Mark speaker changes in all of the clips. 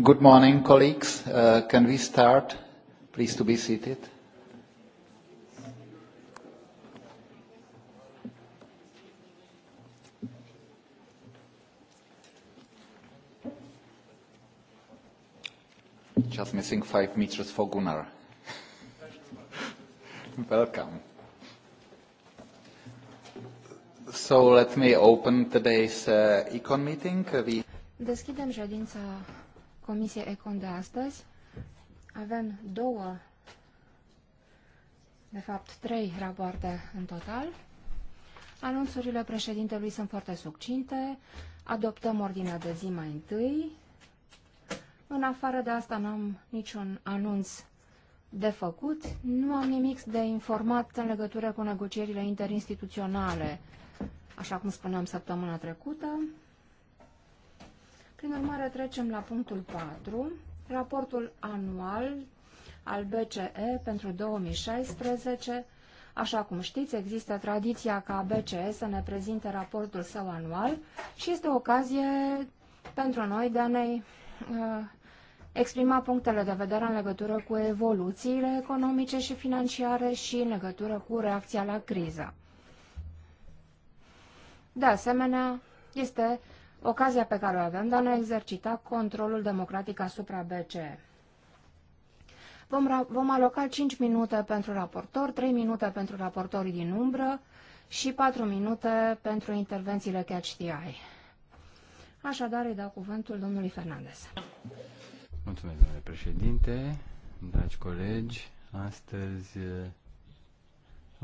Speaker 1: Good morning, colleagues. Uh, can we start?
Speaker 2: Please to be seated. Just missing five meters for Gunnar. Welcome. So let me open today's uh, econ meeting. We
Speaker 3: Deschidem ședința Comisia Econ de astăzi. Avem două, de fapt trei rapoarte în total. Anunțurile președintelui sunt foarte succinte. Adoptăm ordinea de zi mai întâi. În afară de asta n-am niciun anunț de făcut. Nu am nimic de informat în legătură cu negocierile interinstituționale, așa cum spuneam săptămâna trecută. Prin urmare, trecem la punctul 4, raportul anual al BCE pentru 2016. Așa cum știți, există tradiția ca BCE să ne prezinte raportul său anual și este o ocazie pentru noi de a ne uh, exprima punctele de vedere în legătură cu evoluțiile economice și financiare și în legătură cu reacția la criză. De asemenea, este ocazia pe care o avem de a ne exercita controlul democratic asupra BCE. Vom, vom aloca 5 minute pentru raportor, 3 minute pentru raportorii din umbră și 4 minute pentru intervențiile catch the eye. Așadar, îi dau cuvântul domnului Fernandez.
Speaker 2: Mulțumesc, domnule președinte, dragi colegi. Astăzi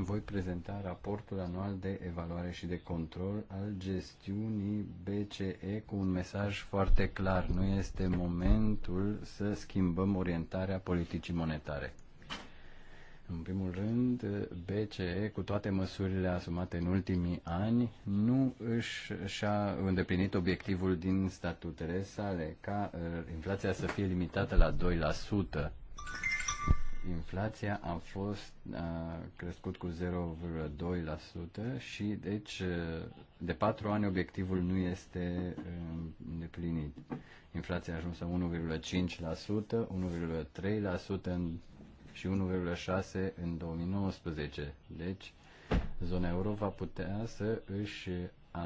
Speaker 2: voi prezenta raportul anual de evaluare și de control al gestiunii BCE cu un mesaj foarte clar. Nu este momentul să schimbăm orientarea politicii monetare. În primul rând, BCE, cu toate măsurile asumate în ultimii ani, nu își și-a îndeplinit obiectivul din statutele sale, ca uh, inflația să fie limitată la 2% inflația a fost a crescut cu 0,2% și deci de 4 ani obiectivul nu este îndeplinit. Inflația a ajuns la 1,5%, 1,3% și 1,6% în 2019. Deci zona euro va putea să își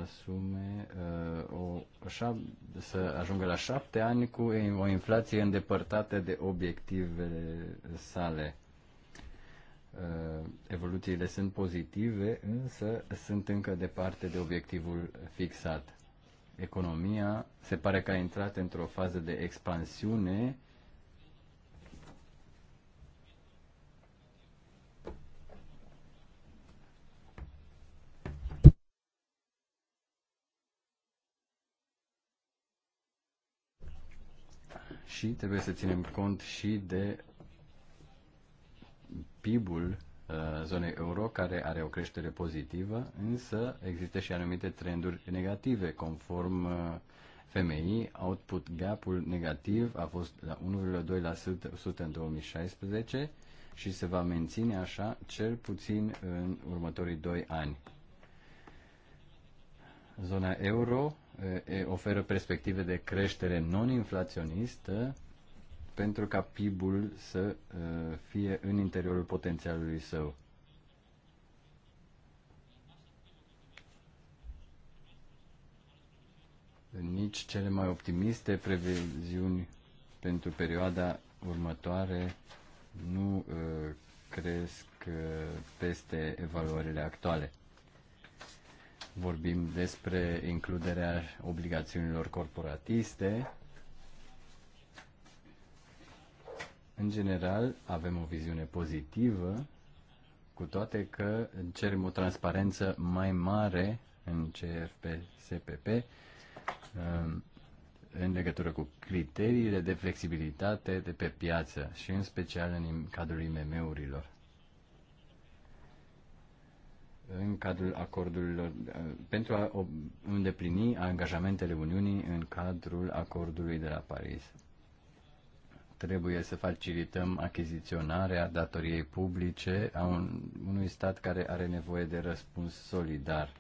Speaker 2: asume uh, o, șap- să ajungă la șapte ani cu o inflație îndepărtată de obiectivele sale. Uh, evoluțiile sunt pozitive, însă sunt încă departe de obiectivul fixat. Economia se pare că a intrat într-o fază de expansiune uh, și trebuie să ținem cont și de PIB-ul uh, zonei euro care are o creștere pozitivă, însă există și anumite trenduri negative. Conform uh, FMI, output gap-ul negativ a fost la 1,2% în 2016 și se va menține așa cel puțin în următorii 2 ani. Zona euro oferă perspective de creștere non-inflaționistă pentru ca PIB-ul să fie în interiorul potențialului său. Nici cele mai optimiste previziuni pentru perioada următoare nu cresc peste evaluările actuale. Vorbim despre includerea obligațiunilor corporatiste. În general, avem o viziune pozitivă, cu toate că cerem o transparență mai mare în CFP-SPP um, în legătură cu criteriile de flexibilitate de pe piață și în special în cadrul IMM-urilor în cadrul acordurilor, uh, pentru a îndeplini angajamentele Uniunii în cadrul acordului de la Paris. Trebuie să facilităm achiziționarea datoriei publice a un, unui stat care are nevoie de răspuns solidar.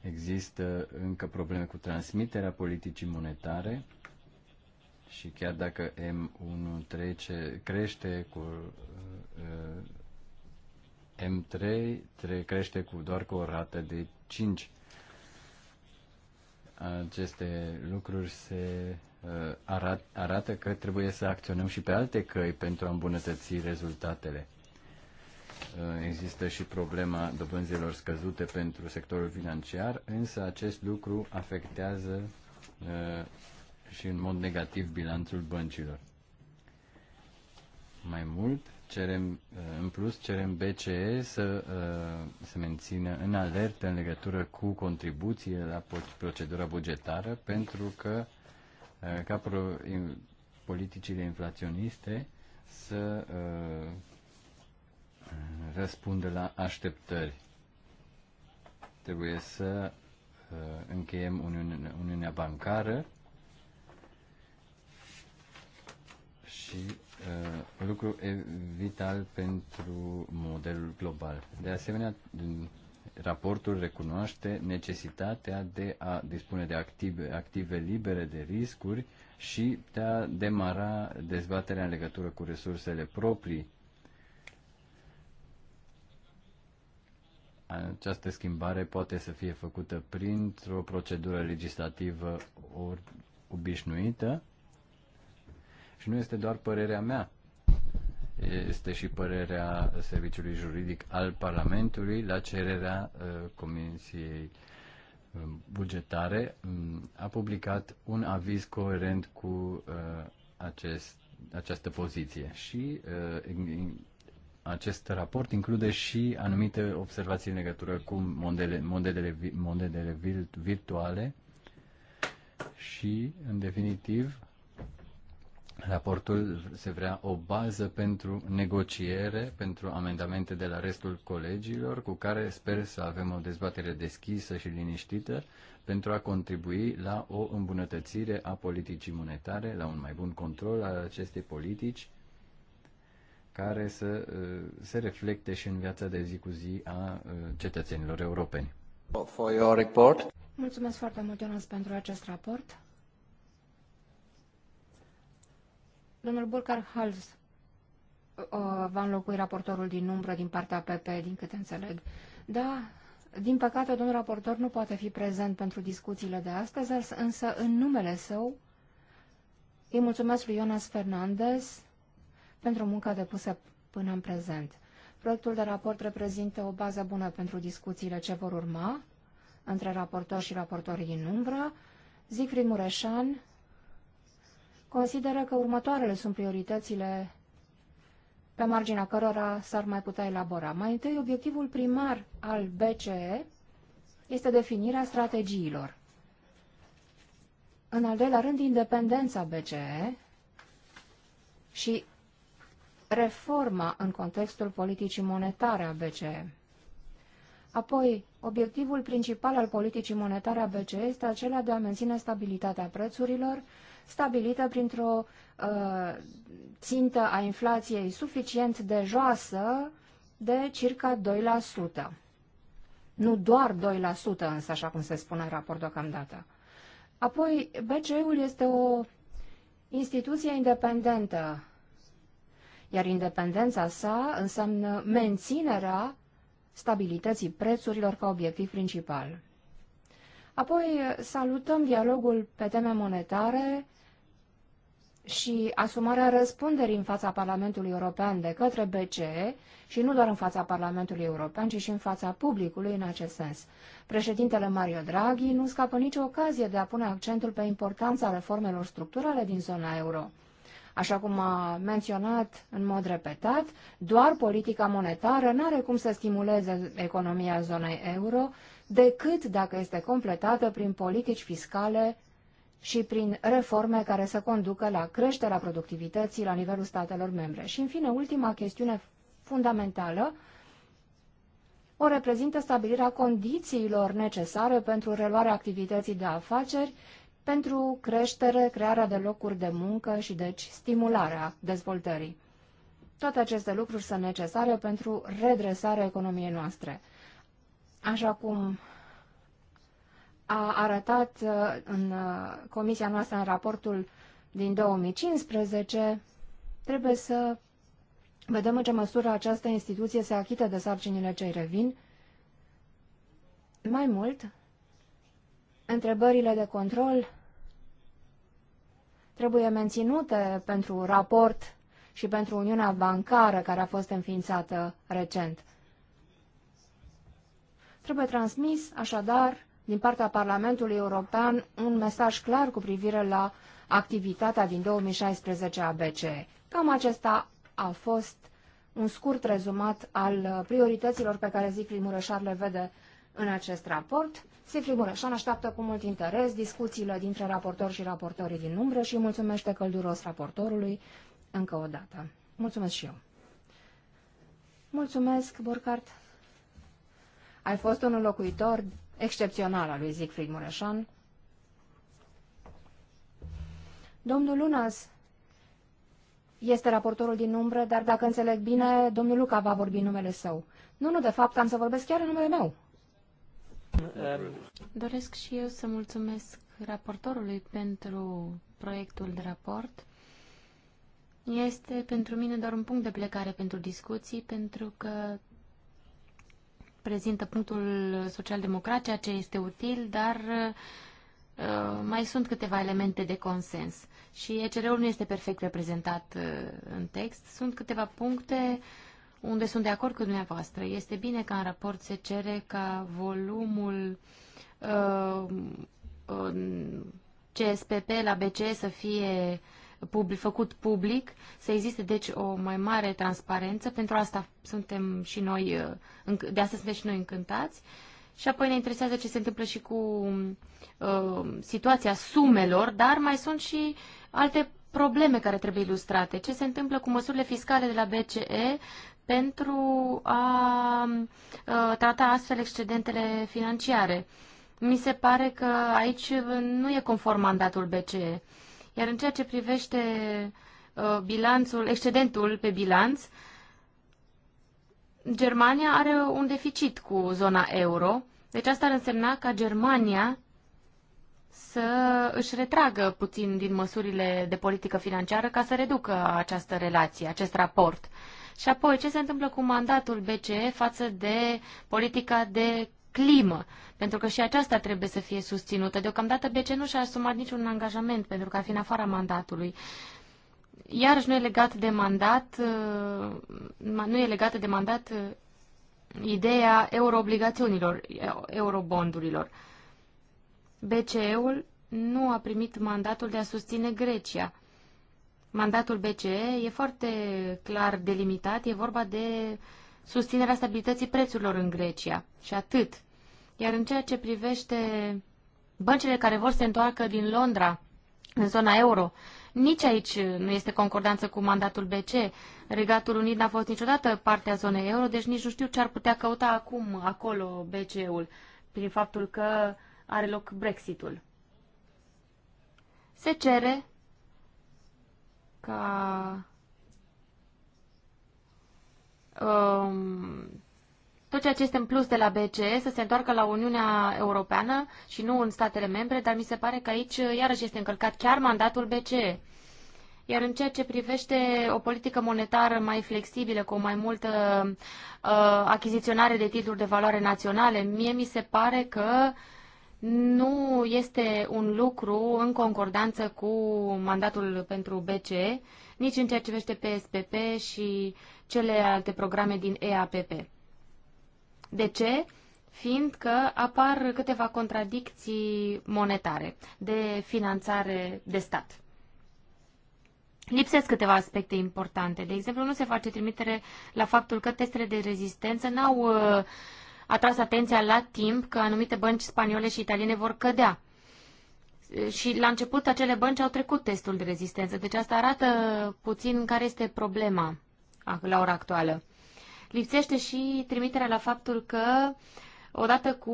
Speaker 2: Există încă probleme cu transmiterea politicii monetare și chiar dacă M1 trece, crește cu uh, M3 crește cu doar cu o rată de 5. Aceste lucruri se uh, arat, arată că trebuie să acționăm și pe alte căi pentru a îmbunătăți rezultatele. Uh, există și problema dobânzilor scăzute pentru sectorul financiar, însă acest lucru afectează uh, și în mod negativ bilanțul băncilor. Mai mult, cerem, uh, în plus, cerem BCE să uh, se mențină în alertă în legătură cu contribuțiile la procedura bugetară, pentru că uh, ca pro, politicile inflaționiste să răspundă la așteptări. Trebuie să încheiem Uniune, Uniunea Bancară și Uh, lucru e vital pentru modelul global. De asemenea, raportul recunoaște necesitatea de a dispune de active, active libere de riscuri și de a demara dezbaterea în legătură cu resursele proprii. Această schimbare poate să fie făcută printr-o procedură legislativă obișnuită, și nu este doar părerea mea, este și părerea Serviciului Juridic al Parlamentului la cererea uh, Comisiei um, Bugetare. Um, a publicat un aviz coerent cu uh, acest, această poziție și uh, acest raport include și anumite observații în legătură cu modele, modelele, modelele virtuale și, în definitiv, Raportul se vrea o bază pentru negociere, pentru amendamente de la restul colegilor, cu care sper să avem o dezbatere deschisă și liniștită pentru a contribui la o îmbunătățire a politicii monetare, la un mai bun control al acestei politici, care să uh, se reflecte și în viața de zi cu zi a uh, cetățenilor europeni. For your report.
Speaker 3: Mulțumesc foarte mult, Jonas, pentru acest raport. Domnul Burkhard Hals uh, va înlocui raportorul din umbră din partea PP, din câte înțeleg. Da, din păcate, domnul raportor nu poate fi prezent pentru discuțiile de astăzi, însă în numele său îi mulțumesc lui Jonas Fernandez pentru munca depusă până în prezent. Proiectul de raport reprezintă o bază bună pentru discuțiile ce vor urma între raportor și raportorii din umbră. Zicrid Mureșan consideră că următoarele sunt prioritățile pe marginea cărora s-ar mai putea elabora. Mai întâi, obiectivul primar al BCE este definirea strategiilor. În al doilea rând, independența BCE și reforma în contextul politicii monetare a BCE. Apoi, obiectivul principal al politicii monetare a BCE este acela de a menține stabilitatea prețurilor, stabilită printr-o uh, țintă a inflației suficient de joasă de circa 2%. Nu doar 2% însă, așa cum se spune în raport deocamdată. Apoi, BCE-ul este o instituție independentă, iar independența sa înseamnă menținerea stabilității prețurilor ca obiectiv principal. Apoi salutăm dialogul pe teme monetare și asumarea răspunderii în fața Parlamentului European de către BCE și nu doar în fața Parlamentului European, ci și în fața publicului în acest sens. Președintele Mario Draghi nu scapă nicio ocazie de a pune accentul pe importanța reformelor structurale din zona euro. Așa cum a menționat în mod repetat, doar politica monetară nu are cum să stimuleze economia zonei euro decât dacă este completată prin politici fiscale și prin reforme care să conducă la creșterea productivității la nivelul statelor membre. Și, în fine, ultima chestiune fundamentală o reprezintă stabilirea condițiilor necesare pentru reluarea activității de afaceri, pentru creștere, crearea de locuri de muncă și, deci, stimularea dezvoltării. Toate aceste lucruri sunt necesare pentru redresarea economiei noastre. Așa cum a arătat uh, în uh, comisia noastră în raportul din 2015, trebuie să vedem în ce măsură această instituție se achită de sarcinile ce revin. Mai mult, întrebările de control trebuie menținute pentru raport și pentru Uniunea Bancară care a fost înființată recent. Trebuie transmis, așadar, din partea Parlamentului European un mesaj clar cu privire la activitatea din 2016 a BCE. Cam acesta a fost un scurt rezumat al priorităților pe care Zicli Mureșar le vede în acest raport. Zicli Mureșan așteaptă cu mult interes discuțiile dintre raportori și raportorii din umbră și mulțumește călduros raportorului încă o dată. Mulțumesc și eu. Mulțumesc, Borcart. Ai fost un locuitor Excepțională, a lui Siegfried Mureșan. Domnul Lunas este raportorul din umbră, dar dacă înțeleg bine, domnul Luca va vorbi numele său. Nu, nu, de fapt am să vorbesc chiar în numele meu. Doresc și eu să mulțumesc
Speaker 4: raportorului pentru proiectul de raport. Este pentru mine doar un punct de plecare pentru discuții, pentru că prezintă punctul social-democrat, ceea ce este util, dar uh, mai sunt câteva elemente de consens. Și ECR-ul nu este perfect reprezentat uh, în text. Sunt câteva puncte unde sunt de acord cu dumneavoastră. Este bine ca în raport se cere ca volumul uh, uh, CSPP la BCE să fie uh, public, făcut public, să existe deci o mai mare transparență. Pentru asta suntem și noi, uh, de asta suntem și noi încântați. Și apoi ne interesează ce se întâmplă și cu uh, situația sumelor, dar mai sunt și alte probleme care trebuie ilustrate. Ce se întâmplă cu măsurile fiscale de la BCE pentru a uh, trata astfel excedentele financiare? Mi se pare că aici nu e conform mandatul BCE. Uh, iar în ceea ce privește uh, bilanțul, excedentul pe bilanț, Germania are un deficit cu zona euro, deci asta ar însemna ca Germania să își retragă puțin din măsurile de politică financiară ca să reducă această relație, acest raport. Și apoi, ce se întâmplă cu mandatul BCE față de politica de climă, pentru că și aceasta trebuie să fie susținută. Deocamdată BC nu și-a asumat niciun angajament pentru că ar fi în afara mandatului. Iarăși nu e legat de mandat, uh, nu e legată de mandat uh, ideea euroobligațiunilor, eurobondurilor. BCE-ul nu a primit mandatul de a susține Grecia. Mandatul BCE e foarte clar delimitat, e vorba de susținerea stabilității prețurilor în Grecia și atât. Iar în ceea ce privește băncile care vor se întoarcă din Londra, în zona euro, nici aici nu este concordanță cu mandatul BC. Regatul Unit n-a fost niciodată partea zonei euro, deci nici nu știu ce ar putea căuta acum acolo BCE-ul, prin faptul că are loc Brexitul. Se cere ca um, tot ceea ce este în plus de la BCE să se întoarcă la Uniunea Europeană și nu în statele membre, dar mi se pare că aici uh, iarăși este încălcat chiar mandatul BCE. Iar în ceea ce privește o politică monetară mai flexibilă, cu mai multă uh, achiziționare de titluri de valoare naționale, mie mi se pare că nu este un lucru în concordanță cu mandatul pentru BCE, nici în ceea ce privește PSPP și celelalte programe din EAPP. De ce? Fiindcă apar câteva contradicții monetare de finanțare de stat. Lipsesc câteva aspecte importante. De exemplu, nu se face trimitere la faptul că testele de rezistență n-au uh, atras atenția la timp că anumite bănci spaniole și italiene vor cădea. Uh, și la început acele bănci au trecut testul de rezistență. Deci asta arată puțin care este problema la ora actuală. Lipsește și trimiterea la faptul că odată cu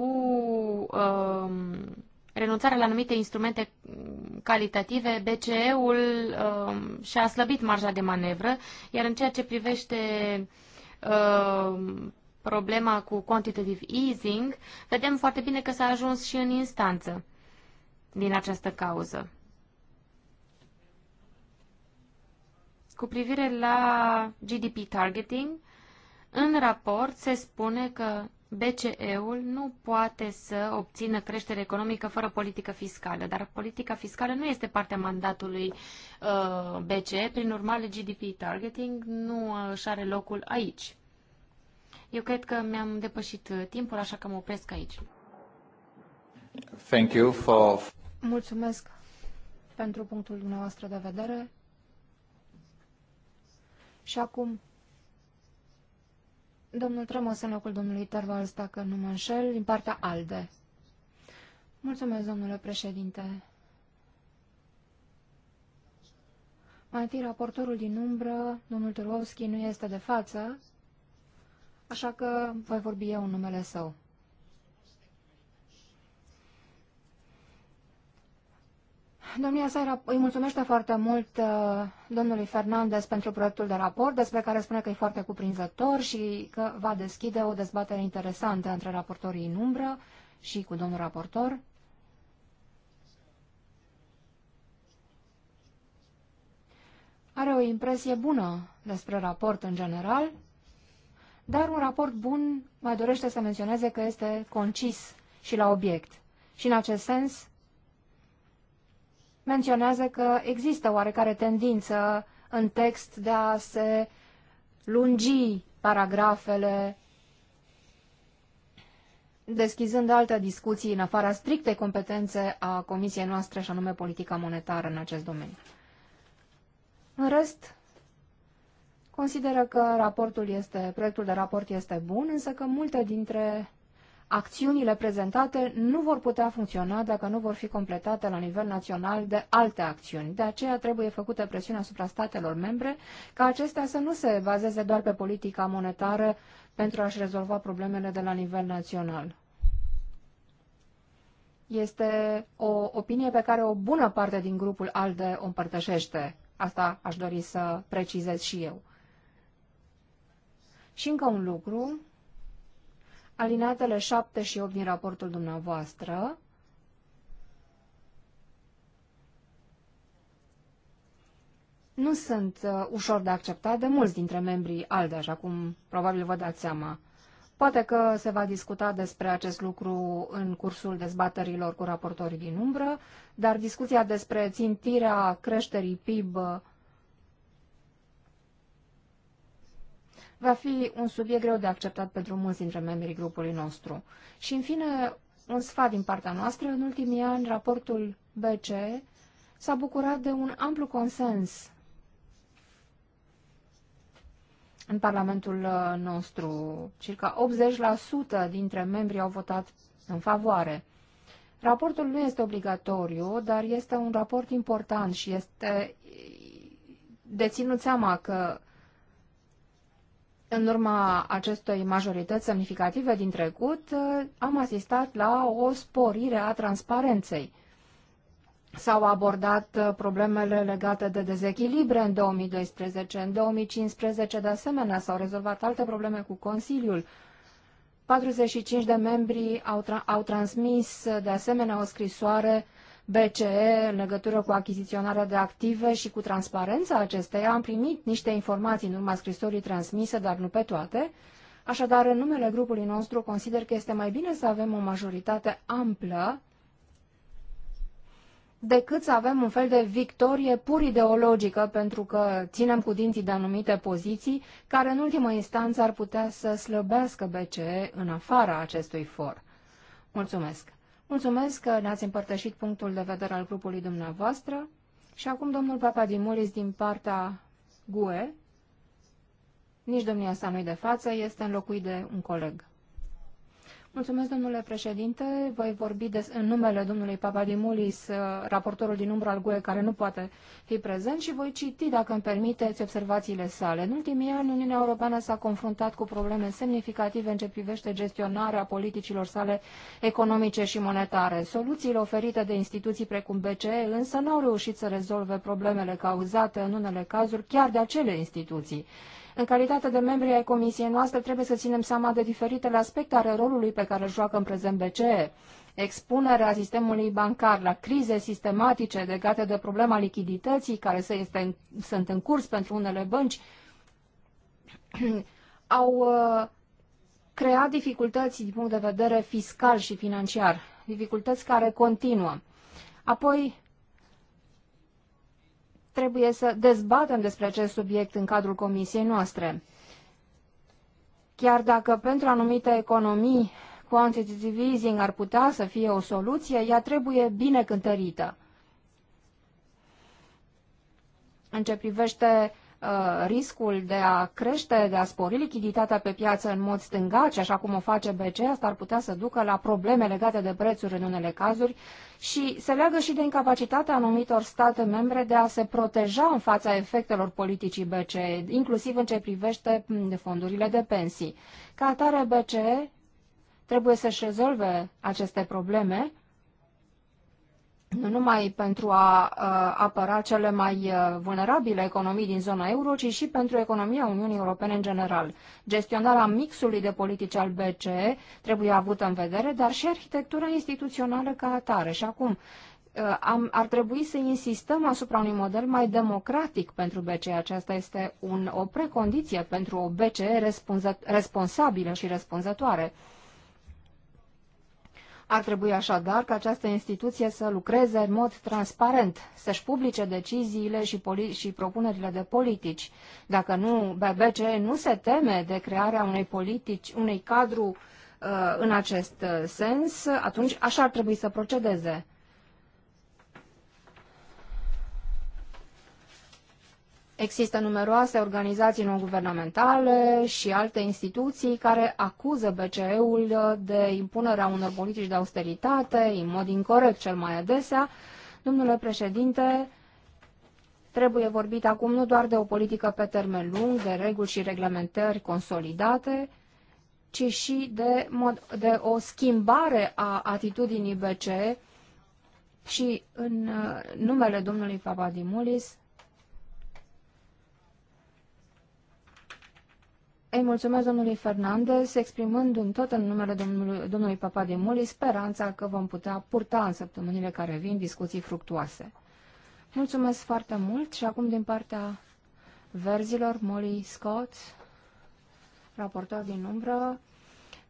Speaker 4: uh, renunțarea la anumite instrumente calitative, BCE-ul uh, um, și-a slăbit marja de manevră, iar în ceea ce privește uh, problema cu quantitative easing, vedem foarte bine că s-a ajuns și în instanță din această cauză. Cu privire la GDP targeting, în raport se spune că BCE-ul nu poate să obțină creștere economică fără politică fiscală, dar politica fiscală nu este partea mandatului uh, BCE, prin urmare GDP targeting nu își are locul aici. Eu cred că mi-am depășit uh, timpul, așa că mă opresc
Speaker 1: aici. Thank you for...
Speaker 3: Mulțumesc pentru punctul dumneavoastră de vedere. Și acum Domnul Tremos în locul domnului Tervals, dacă nu mă înșel, din partea ALDE. Mulțumesc, domnule președinte. Mai întâi, raportorul din umbră, domnul Turovski, nu este de față, așa că voi vorbi eu în numele său. Domnia Saira îi mulțumește foarte mult uh, domnului Fernandez pentru proiectul de raport, despre care spune că e foarte cuprinzător și că va deschide o dezbatere interesantă între raportorii în umbră și cu domnul raportor. Are o impresie bună despre raport în general, dar un raport bun mai dorește să menționeze că este concis și la obiect. Și în acest sens, menționează că există oarecare tendință în text de a se lungi paragrafele, deschizând alte discuții în afara strictei competențe a comisiei noastre, și anume politica monetară în acest domeniu. În rest, consideră că raportul este, proiectul de raport este bun, însă că multe dintre acțiunile prezentate nu vor putea funcționa dacă nu vor fi completate la nivel național de alte acțiuni. De aceea trebuie făcută presiune asupra statelor membre ca acestea să nu se bazeze doar pe politica monetară pentru a-și rezolva problemele de la nivel național. Este o opinie pe care o bună parte din grupul ALDE o împărtășește. Asta aș dori să precizez și eu. Și încă un lucru alineatele 7 și 8 din raportul dumneavoastră, nu sunt uh, ușor de acceptat de mulți dintre membrii ALDE, așa cum probabil vă dați seama. Poate că se va discuta despre acest lucru în cursul dezbaterilor cu raportorii din umbră, dar discuția despre țintirea creșterii PIB va fi un subiect greu de acceptat pentru mulți dintre membrii grupului nostru. Și, în fine, un sfat din partea noastră, în ultimii ani, raportul BC s-a bucurat de un amplu consens în Parlamentul uh, nostru. Circa 80% dintre membrii au votat în favoare. Raportul nu este obligatoriu, dar este un raport important și este de seama că în urma acestei majorități semnificative din trecut, uh, am asistat la o sporire a transparenței. S-au abordat uh, problemele legate de dezechilibre în 2012, în 2015 de asemenea s-au rezolvat alte probleme cu Consiliul. 45 de membri au, tra- au transmis uh, de asemenea o scrisoare BCE în legătură cu achiziționarea de active și cu transparența acesteia. Am primit niște informații în urma scrisorii transmise, dar nu pe toate. Așadar, în numele grupului nostru, consider că este mai bine să avem o majoritate amplă decât să avem un fel de victorie pur ideologică, pentru că ținem cu dinții de anumite poziții, care în ultimă instanță ar putea să slăbească BCE în afara acestui for. Mulțumesc! Mulțumesc că ne-ați împărtășit punctul de vedere al grupului dumneavoastră. Și acum domnul Papadimulis din partea GUE, nici domnia sa nu de față, este înlocuit de un coleg. Mulțumesc, domnule președinte. Voi vorbi de în numele domnului Papadimulis, uh, raportorul din umbră al GUE, care nu poate fi prezent, și voi citi, dacă îmi permiteți, observațiile sale. În ultimii ani, Uniunea Europeană s-a confruntat cu probleme semnificative în ce privește gestionarea politicilor sale economice și monetare. Soluțiile oferite de instituții precum BCE însă nu au reușit să rezolve problemele cauzate în unele cazuri chiar de acele instituții. În calitate de membri ai comisiei noastre, trebuie să ținem seama de diferitele aspecte ale rolului pe care îl joacă în prezent BCE. Expunerea sistemului bancar la crize sistematice legate de problema lichidității care se este, sunt în curs pentru unele bănci au uh, creat dificultăți din punct de vedere fiscal și financiar, dificultăți care continuă. Apoi, trebuie să dezbatem despre acest subiect în cadrul comisiei noastre. Chiar dacă pentru anumite economii quantitative easing ar putea să fie o soluție, ea trebuie bine cântărită. În ce privește Uh, riscul de a crește, de a spori lichiditatea pe piață în mod stângaci, așa cum o face BCE, asta ar putea să ducă la probleme legate de prețuri în unele cazuri și se leagă și de incapacitatea anumitor state membre de a se proteja în fața efectelor politicii BCE, inclusiv în ce privește mm, fondurile de pensii. Ca atare, BCE trebuie să-și rezolve aceste probleme nu numai pentru a apăra cele mai vulnerabile economii din zona euro, ci și pentru economia Uniunii Europene în general. Gestionarea mixului de politici al BCE trebuie avută în vedere, dar și arhitectura instituțională ca atare. Și acum, am, ar trebui să insistăm asupra unui model mai democratic pentru BCE. Aceasta este un, o precondiție pentru o BCE responsabilă și răspunzătoare. Ar trebui așadar ca această instituție să lucreze în mod transparent, să-și publice deciziile și, și propunerile de politici. Dacă nu, BBC nu se teme de crearea unei politici, unei cadru uh, în acest uh, sens, atunci așa ar trebui să procedeze. Există numeroase organizații non-guvernamentale și alte instituții care acuză BCE-ul de impunerea unor politici de austeritate, în mod incorrect cel mai adesea. Domnule președinte, trebuie vorbit acum nu doar de o politică pe termen lung, de reguli și reglementări consolidate, ci și de, de o schimbare a atitudinii BCE și în uh, numele domnului Papadimulis Îi mulțumesc domnului Fernandez, exprimând în tot în numele domnului, domnului Papadimuli speranța că vom putea purta în săptămânile care vin discuții fructuoase. Mulțumesc foarte mult și acum din partea verzilor, Molly Scott, raportor din umbră,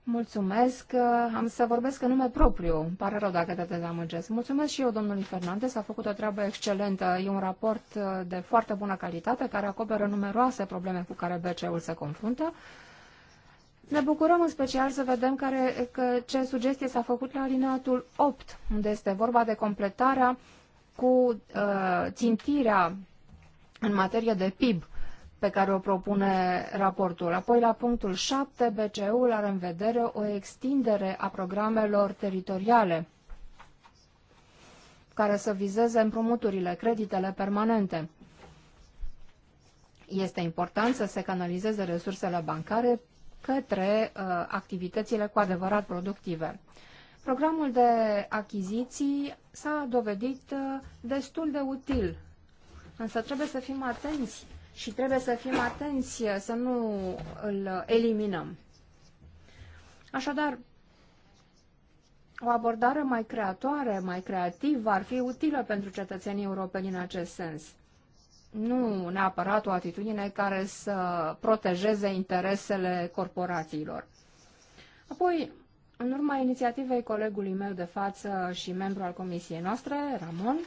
Speaker 3: Mulțumesc. Am să vorbesc în nume propriu. Îmi pare rău dacă te dezamăgesc. Mulțumesc și eu domnului Fernandez. A făcut o treabă excelentă. E un raport uh, de foarte bună calitate care acoperă numeroase probleme cu care BCE-ul se confruntă. Ne bucurăm în special să vedem care, că ce sugestie s-a făcut la alineatul 8, unde este vorba de completarea cu uh, țintirea în materie de PIB pe care o propune raportul. Apoi, la punctul 7, BCE-ul are în vedere o extindere a programelor teritoriale care să vizeze împrumuturile, creditele permanente. Este important să se canalizeze resursele bancare către uh, activitățile cu adevărat productive. Programul de achiziții s-a dovedit uh, destul de util, însă trebuie să fim atenți și trebuie să fim atenți eh, să nu îl eliminăm. Așadar, o abordare mai creatoare, mai creativă ar fi utilă pentru cetățenii europeni în acest sens. Nu neapărat o atitudine care să protejeze interesele corporațiilor. Apoi, în urma inițiativei colegului meu de față și membru al comisiei noastre, Ramon,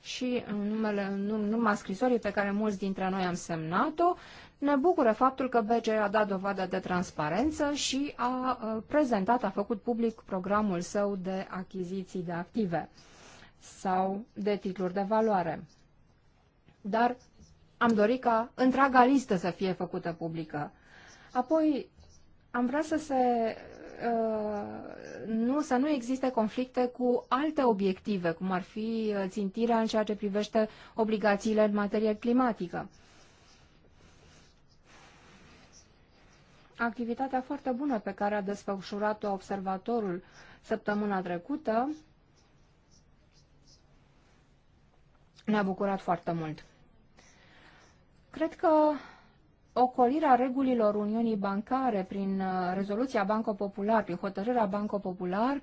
Speaker 3: și în, numele, în urma scrisorii pe care mulți dintre noi am semnat-o, ne bucură faptul că BCE a dat dovadă de transparență și a prezentat, a făcut public programul său de achiziții de active sau de titluri de valoare. Dar am dorit ca întreaga listă să fie făcută publică. Apoi, am vrea să se Uh, nu, să nu existe conflicte cu alte obiective, cum ar fi uh, țintirea în ceea ce privește obligațiile în materie climatică. Activitatea foarte bună pe care a desfășurat-o observatorul săptămâna trecută ne-a bucurat foarte mult. Cred că ocolirea regulilor Uniunii Bancare prin uh, rezoluția Banco Popular, prin hotărârea Banco Popular,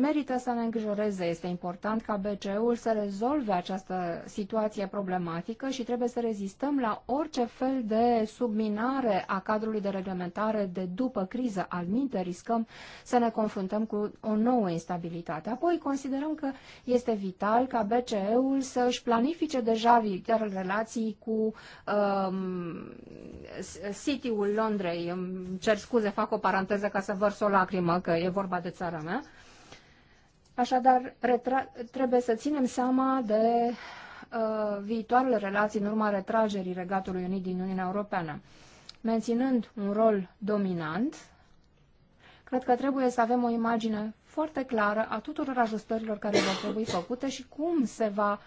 Speaker 3: merită să ne îngrijoreze. Este important ca BCE-ul să rezolve această situație problematică și trebuie să rezistăm la orice fel de subminare a cadrului de reglementare de după criză. Al minte riscăm să ne confruntăm cu o nouă instabilitate. Apoi considerăm că este vital ca BCE-ul să își planifice deja viitoarele relații cu um, City-ul Londrei. Îmi cer scuze, fac o paranteză ca să vărs o lacrimă, că e vorba de țara mea lumea. Așadar, trebuie să ținem seama de uh, viitoarele relații în urma retragerii Regatului Unit din Uniunea Europeană. Menținând un rol dominant, cred că trebuie să avem o imagine foarte clară a tuturor ajustărilor care vor trebui făcute și cum se va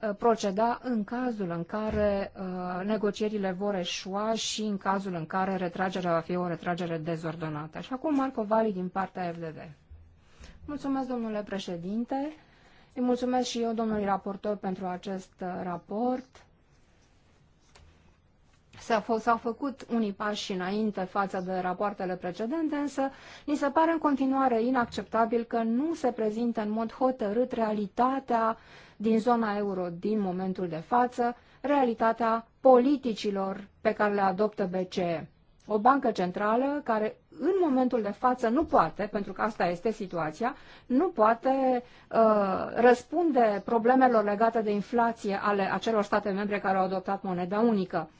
Speaker 3: uh, proceda în cazul în care uh, negocierile vor eșua și în cazul în care retragerea va fi o retragere dezordonată. Și acum Marco Vali din partea FDD. Mulțumesc, domnule președinte. Îi mulțumesc și eu, domnului raportor, pentru acest uh, raport. S-au făcut unii pași înainte față de rapoartele precedente, însă ni se pare în continuare inacceptabil că nu se prezintă în mod hotărât realitatea din zona euro din momentul de față, realitatea politicilor pe care le adoptă BCE o bancă centrală care în momentul de față nu poate, pentru că asta este situația, nu poate uh, răspunde problemelor legate de inflație ale acelor state membre care au adoptat moneda unică.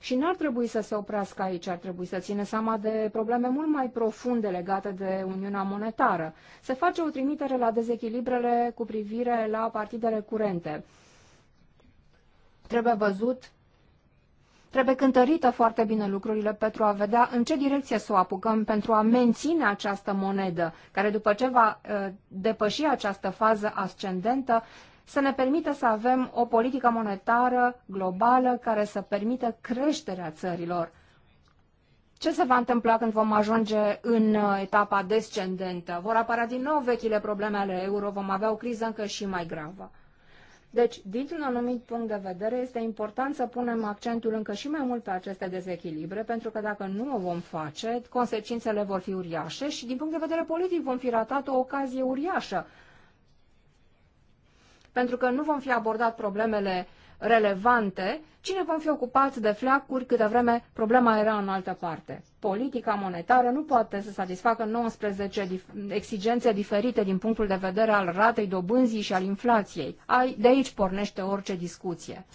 Speaker 3: Și n-ar trebui să se oprească aici, ar trebui să ține seama de probleme mult mai profunde legate de Uniunea Monetară. Se face o trimitere la dezechilibrele cu privire la partidele curente. Trebuie văzut Trebuie cântărită foarte bine lucrurile pentru a vedea în ce direcție să o apucăm pentru a menține această monedă, care după ce va uh, depăși această fază ascendentă, să ne permită să avem o politică monetară globală care să permită creșterea țărilor. Ce se va întâmpla când vom ajunge în uh, etapa descendentă? Vor apărea din nou vechile probleme ale euro, vom avea o criză încă și mai gravă. Deci, dintr-un anumit punct de vedere, este important să punem accentul încă și mai mult pe aceste dezechilibre, pentru că dacă nu o vom face, consecințele vor fi uriașe și, din punct de vedere politic, vom fi ratat o ocazie uriașă. Pentru că nu vom fi abordat problemele relevante, Cine vom fi ocupați de fleacuri câte vreme problema era în altă parte. Politica monetară nu poate să satisfacă 19 dif- exigențe diferite din punctul de vedere al ratei dobânzii și al inflației. Ai De aici pornește orice discuție.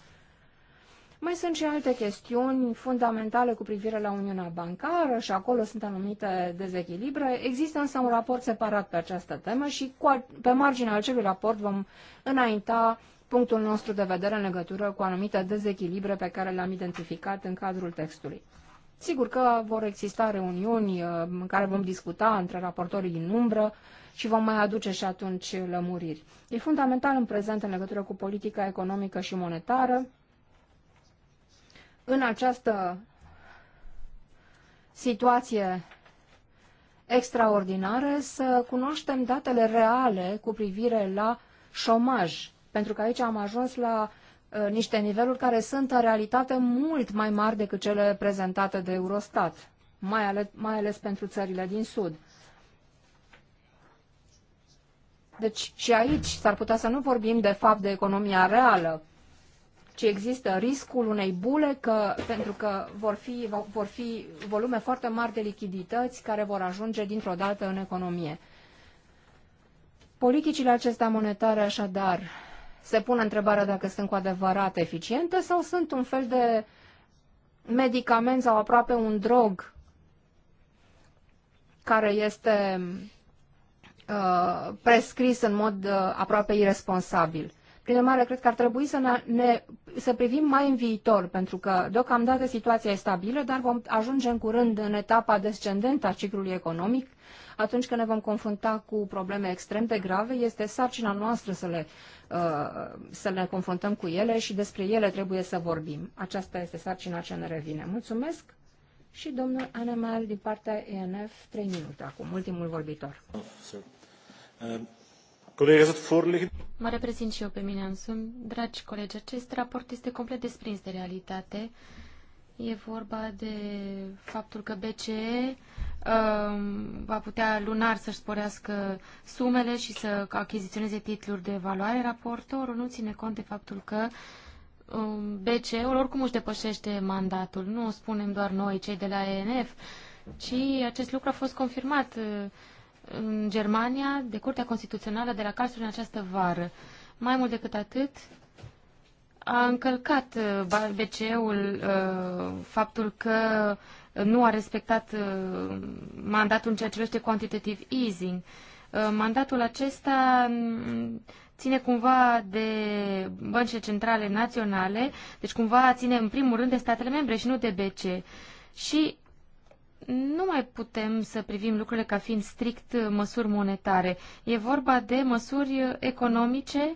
Speaker 3: Mai sunt și alte chestiuni fundamentale cu privire la Uniunea Bancară și acolo sunt anumite dezechilibre. Există însă un raport separat pe această temă și cu, pe marginea acelui raport vom înainta punctul nostru de vedere în legătură cu anumite dezechilibre pe care le-am identificat în cadrul textului. Sigur că vor exista reuniuni uh, în care vom discuta între raportorii din umbră și vom mai aduce și atunci lămuriri. E fundamental în prezent în legătură cu politica economică și monetară. În această situație extraordinară să cunoaștem datele reale cu privire la șomaj pentru că aici am ajuns la uh, niște niveluri care sunt în realitate mult mai mari decât cele prezentate de Eurostat, mai ales, mai ales pentru țările din Sud. Deci și aici s-ar putea să nu vorbim de fapt de economia reală, ci există riscul unei bule că, pentru că vor fi, vor fi volume foarte mari de lichidități care vor ajunge dintr-o dată în economie. Politicile acestea monetare, așadar, se pune întrebarea dacă sunt cu adevărat eficiente sau sunt un fel de medicament sau aproape un drog care este uh, prescris în mod uh, aproape irresponsabil. Prin urmare, cred că ar trebui să, ne, ne, să privim mai în viitor, pentru că deocamdată situația e stabilă, dar vom ajunge în curând în etapa descendentă a ciclului economic. Atunci când ne vom confrunta cu probleme extrem de grave, este sarcina noastră să le, uh, să ne confruntăm cu ele și despre ele trebuie să vorbim. Aceasta este sarcina ce ne revine. Mulțumesc! și domnul Anemal din partea ENF, 3 minute acum, ultimul vorbitor. Oh, Mă reprezint și eu
Speaker 4: pe mine însumi. Dragi colegi, acest raport este complet desprins de realitate. E vorba de faptul că BCE um, va putea lunar să-și sporească sumele și să achiziționeze titluri de valoare. Raportorul nu ține cont de faptul că um, BCE-ul oricum își depășește mandatul. Nu o spunem doar noi, cei de la ENF, ci acest lucru a fost confirmat uh, în Germania de Curtea Constituțională de la Karlsruhe în această vară. Mai mult decât atât, a încălcat uh, BCE-ul uh, faptul că nu a respectat uh, mandatul în ceea ce privește quantitative easing. Mandatul acesta mm, ține cumva de băncile centrale naționale, deci cumva ține în primul rând de statele membre și nu de BCE. Și nu mai putem să privim lucrurile ca fiind strict măsuri monetare. E vorba de măsuri economice,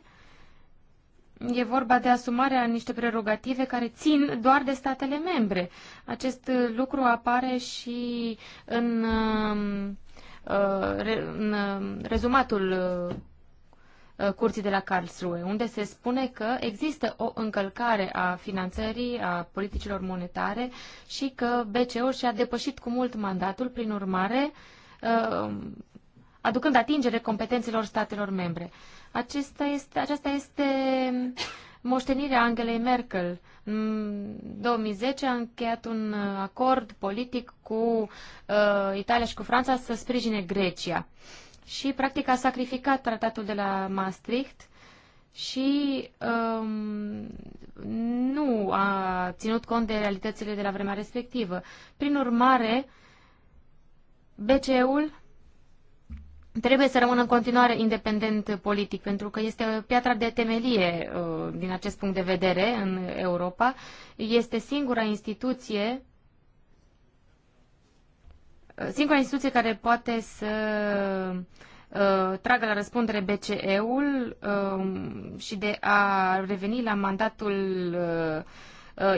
Speaker 4: e vorba de asumarea niște prerogative care țin doar de statele membre. Acest lucru apare și în, uh, în uh, rezumatul uh, Uh, curții de la Karlsruhe, unde se spune că există o încălcare a finanțării, a politicilor monetare și că BCE-ul și-a depășit cu mult mandatul, prin urmare, uh, aducând atingere competențelor statelor membre. Acesta este, aceasta este moștenirea Angelei Merkel. În 2010 a încheiat un acord politic cu uh, Italia și cu Franța să sprijine Grecia. Uh, și practic a sacrificat tratatul de la Maastricht și um, nu a ținut cont de realitățile de la vremea respectivă. Prin urmare, BCE-ul trebuie să rămână în continuare independent politic, pentru că este piatra de temelie uh, din acest punct de vedere în Europa. Este singura instituție singura instituție care poate să uh, tragă la răspundere BCE-ul uh, um, și de a reveni la mandatul uh, uh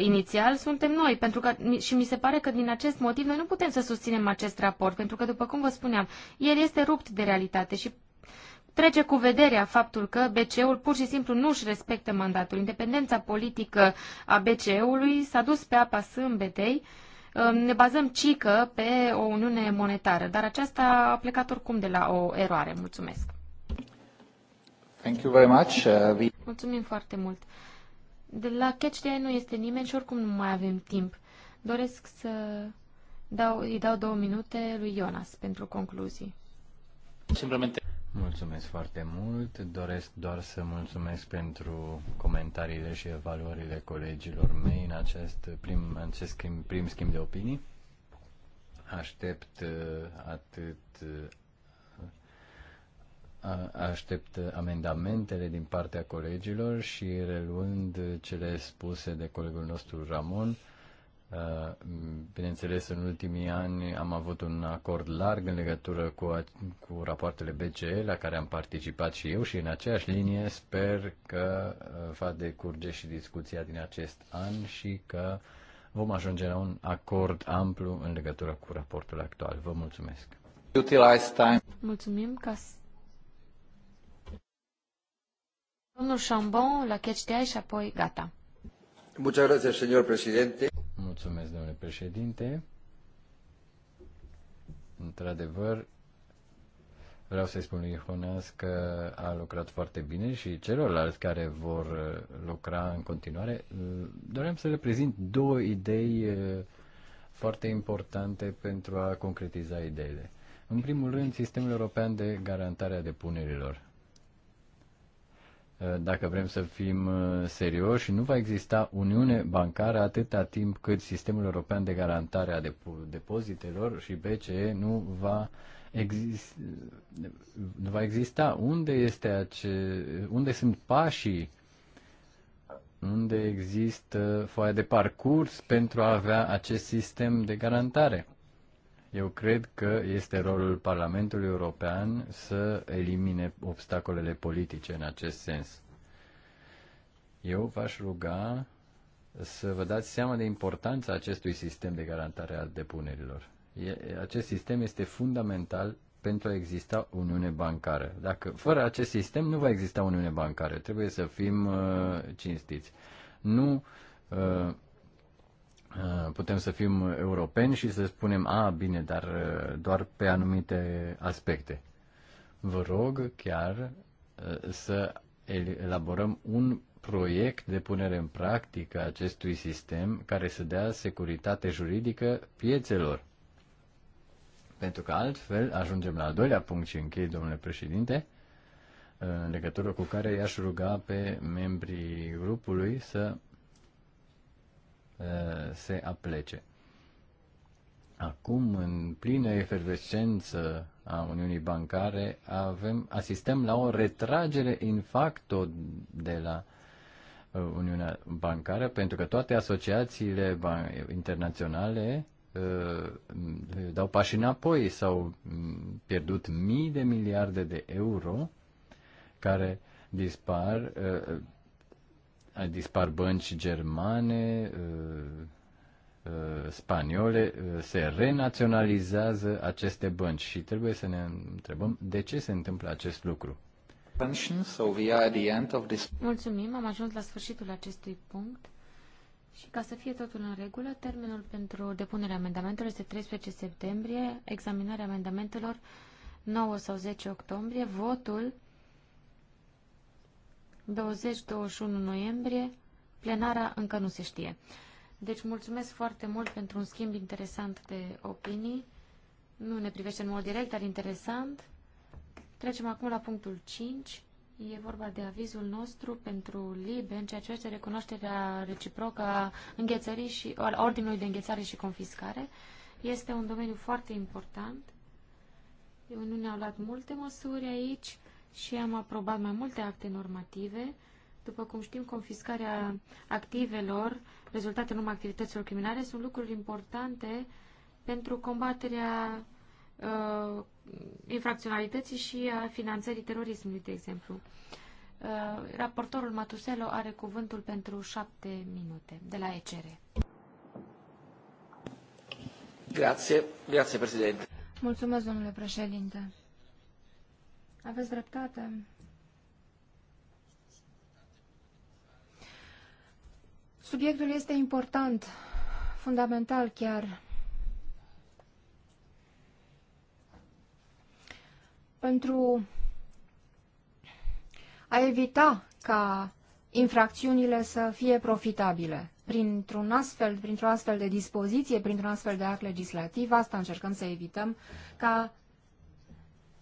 Speaker 4: inițial suntem noi, pentru că și mi se pare că din acest motiv noi nu putem să susținem acest raport, pentru că după cum vă spuneam, el este rupt de realitate și trece cu vederea faptul că BCE-ul pur și simplu nu își respectă mandatul. Independența politică a BCE-ului s-a dus pe apa sâmbetei uh, Ehm, ne bazăm cică pe o uniune monetară, dar aceasta a plecat oricum de la o eroare. Mulțumesc!
Speaker 2: Thank you very much. Uh,
Speaker 4: Mulțumim foarte mult! De la catch de nu este nimeni și oricum nu mai avem timp. Doresc să dau, îi dau două minute lui Jonas pentru concluzii.
Speaker 2: Simplemente Mulțumesc foarte mult. Doresc doar să mulțumesc pentru comentariile și evaluările colegilor mei în acest prim, în acest schimb, prim schimb de opinii. Aștept uh, atât uh, aștept amendamentele din partea colegilor și reluând cele spuse de colegul nostru Ramon, Uh, bineînțeles, în ultimii ani am avut un acord larg în legătură cu, cu rapoartele BCE, la care am participat și eu și în aceeași linie sper că uh, va decurge și discuția din acest an și că vom ajunge la un acord amplu în legătură cu raportul actual. Vă mulțumesc!
Speaker 4: Mulțumim ca Domnul Chambon, la chestia și apoi gata.
Speaker 2: Mulțumesc, domnul președinte. Mulțumesc, domnule președinte. Într-adevăr, vreau să-i spun lui Honas că a lucrat foarte bine și celorlalți care vor uh, lucra în continuare. Uh, doream să le prezint două idei uh, foarte importante pentru a concretiza ideile. În primul rând, sistemul european de garantare a depunerilor dacă vrem să fim uh, serioși, nu va exista uniune bancară atâta timp cât sistemul european de garantare a depozitelor și BCE nu va, exist, nu va exista. Unde, este ace, unde sunt pașii? Unde există foaia de parcurs pentru a avea acest sistem de garantare? Eu cred că este rolul Parlamentului European să elimine obstacolele politice în acest sens. Eu v-aș ruga să vă dați seama de importanța acestui sistem de garantare a depunerilor. Acest sistem este fundamental pentru a exista Uniune Bancară. Dacă fără acest sistem nu va exista Uniune Bancară, trebuie să fim uh, cinstiți. Nu uh, Uh, putem să fim europeni și să spunem, a, bine, dar uh, doar pe anumite aspecte. Vă rog chiar uh, să elaborăm un proiect de punere în practică acestui sistem care să dea securitate juridică piețelor. Pentru că altfel ajungem la al doilea punct și închei, domnule președinte, în legătură cu care i-aș ruga pe membrii grupului să Uh, se aplece. Acum, în plină efervescență a Uniunii Bancare, avem, asistăm la o retragere in facto de la uh, Uniunea Bancară, pentru că toate asociațiile internaționale uh, dau pași înapoi, s-au mm, pierdut mii de miliarde de euro care dispar dispar bănci germane, uh, uh, spaniole, uh, se renaționalizează aceste bănci și trebuie să ne întrebăm de ce se întâmplă acest lucru.
Speaker 4: Mulțumim, am ajuns la sfârșitul acestui punct. Și ca să fie totul în regulă, termenul pentru depunerea amendamentelor este 13 septembrie, examinarea amendamentelor 9 sau 10 octombrie, votul 20-21 noiembrie, plenara încă nu se știe. Deci mulțumesc foarte mult pentru un schimb interesant de opinii. Nu ne privește în mod direct, dar interesant. Trecem acum la punctul 5. E vorba de avizul nostru pentru LIBE în ceea ce este recunoașterea reciprocă a înghețării și ordinului de înghețare și confiscare. Este un domeniu foarte important. Uniunea a luat multe măsuri aici și am aprobat mai multe acte normative. După cum știm, confiscarea activelor, rezultatele numai activităților criminale, sunt lucruri importante pentru combaterea uh, infracționalității și a finanțării terorismului, de exemplu. Uh, raportorul Matuselo are cuvântul pentru șapte minute de la ECR.
Speaker 2: Grazie, grazie președinte.
Speaker 3: Mulțumesc, domnule președinte. Aveți dreptate. Subiectul este important, fundamental chiar. Pentru a evita ca infracțiunile să fie profitabile. Printr-un astfel, printr-o astfel de dispoziție, printr-un astfel de act legislativ, asta încercăm să evităm ca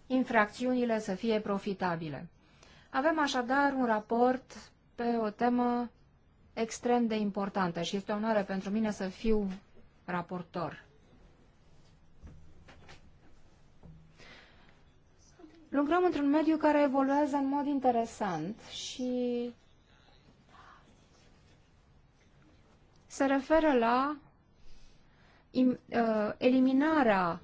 Speaker 3: infracțiunile să fie profitabile. Avem așadar un raport pe o temă extrem de importantă și este o onoare pentru mine să fiu raportor. Lucrăm într-un mediu care evoluează în mod interesant și se referă la uh, eliminarea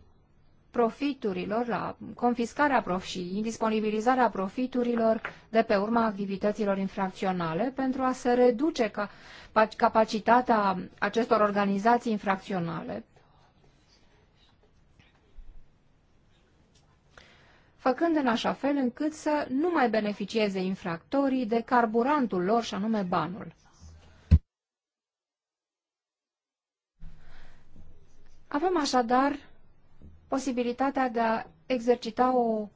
Speaker 3: profiturilor, la confiscarea prof și indisponibilizarea profiturilor de pe urma activităților infracționale pentru a se reduce capacitatea acestor organizații infracționale. făcând în așa fel încât să nu mai beneficieze infractorii de carburantul lor și anume banul. Avem așadar posibilitatea de a exercita o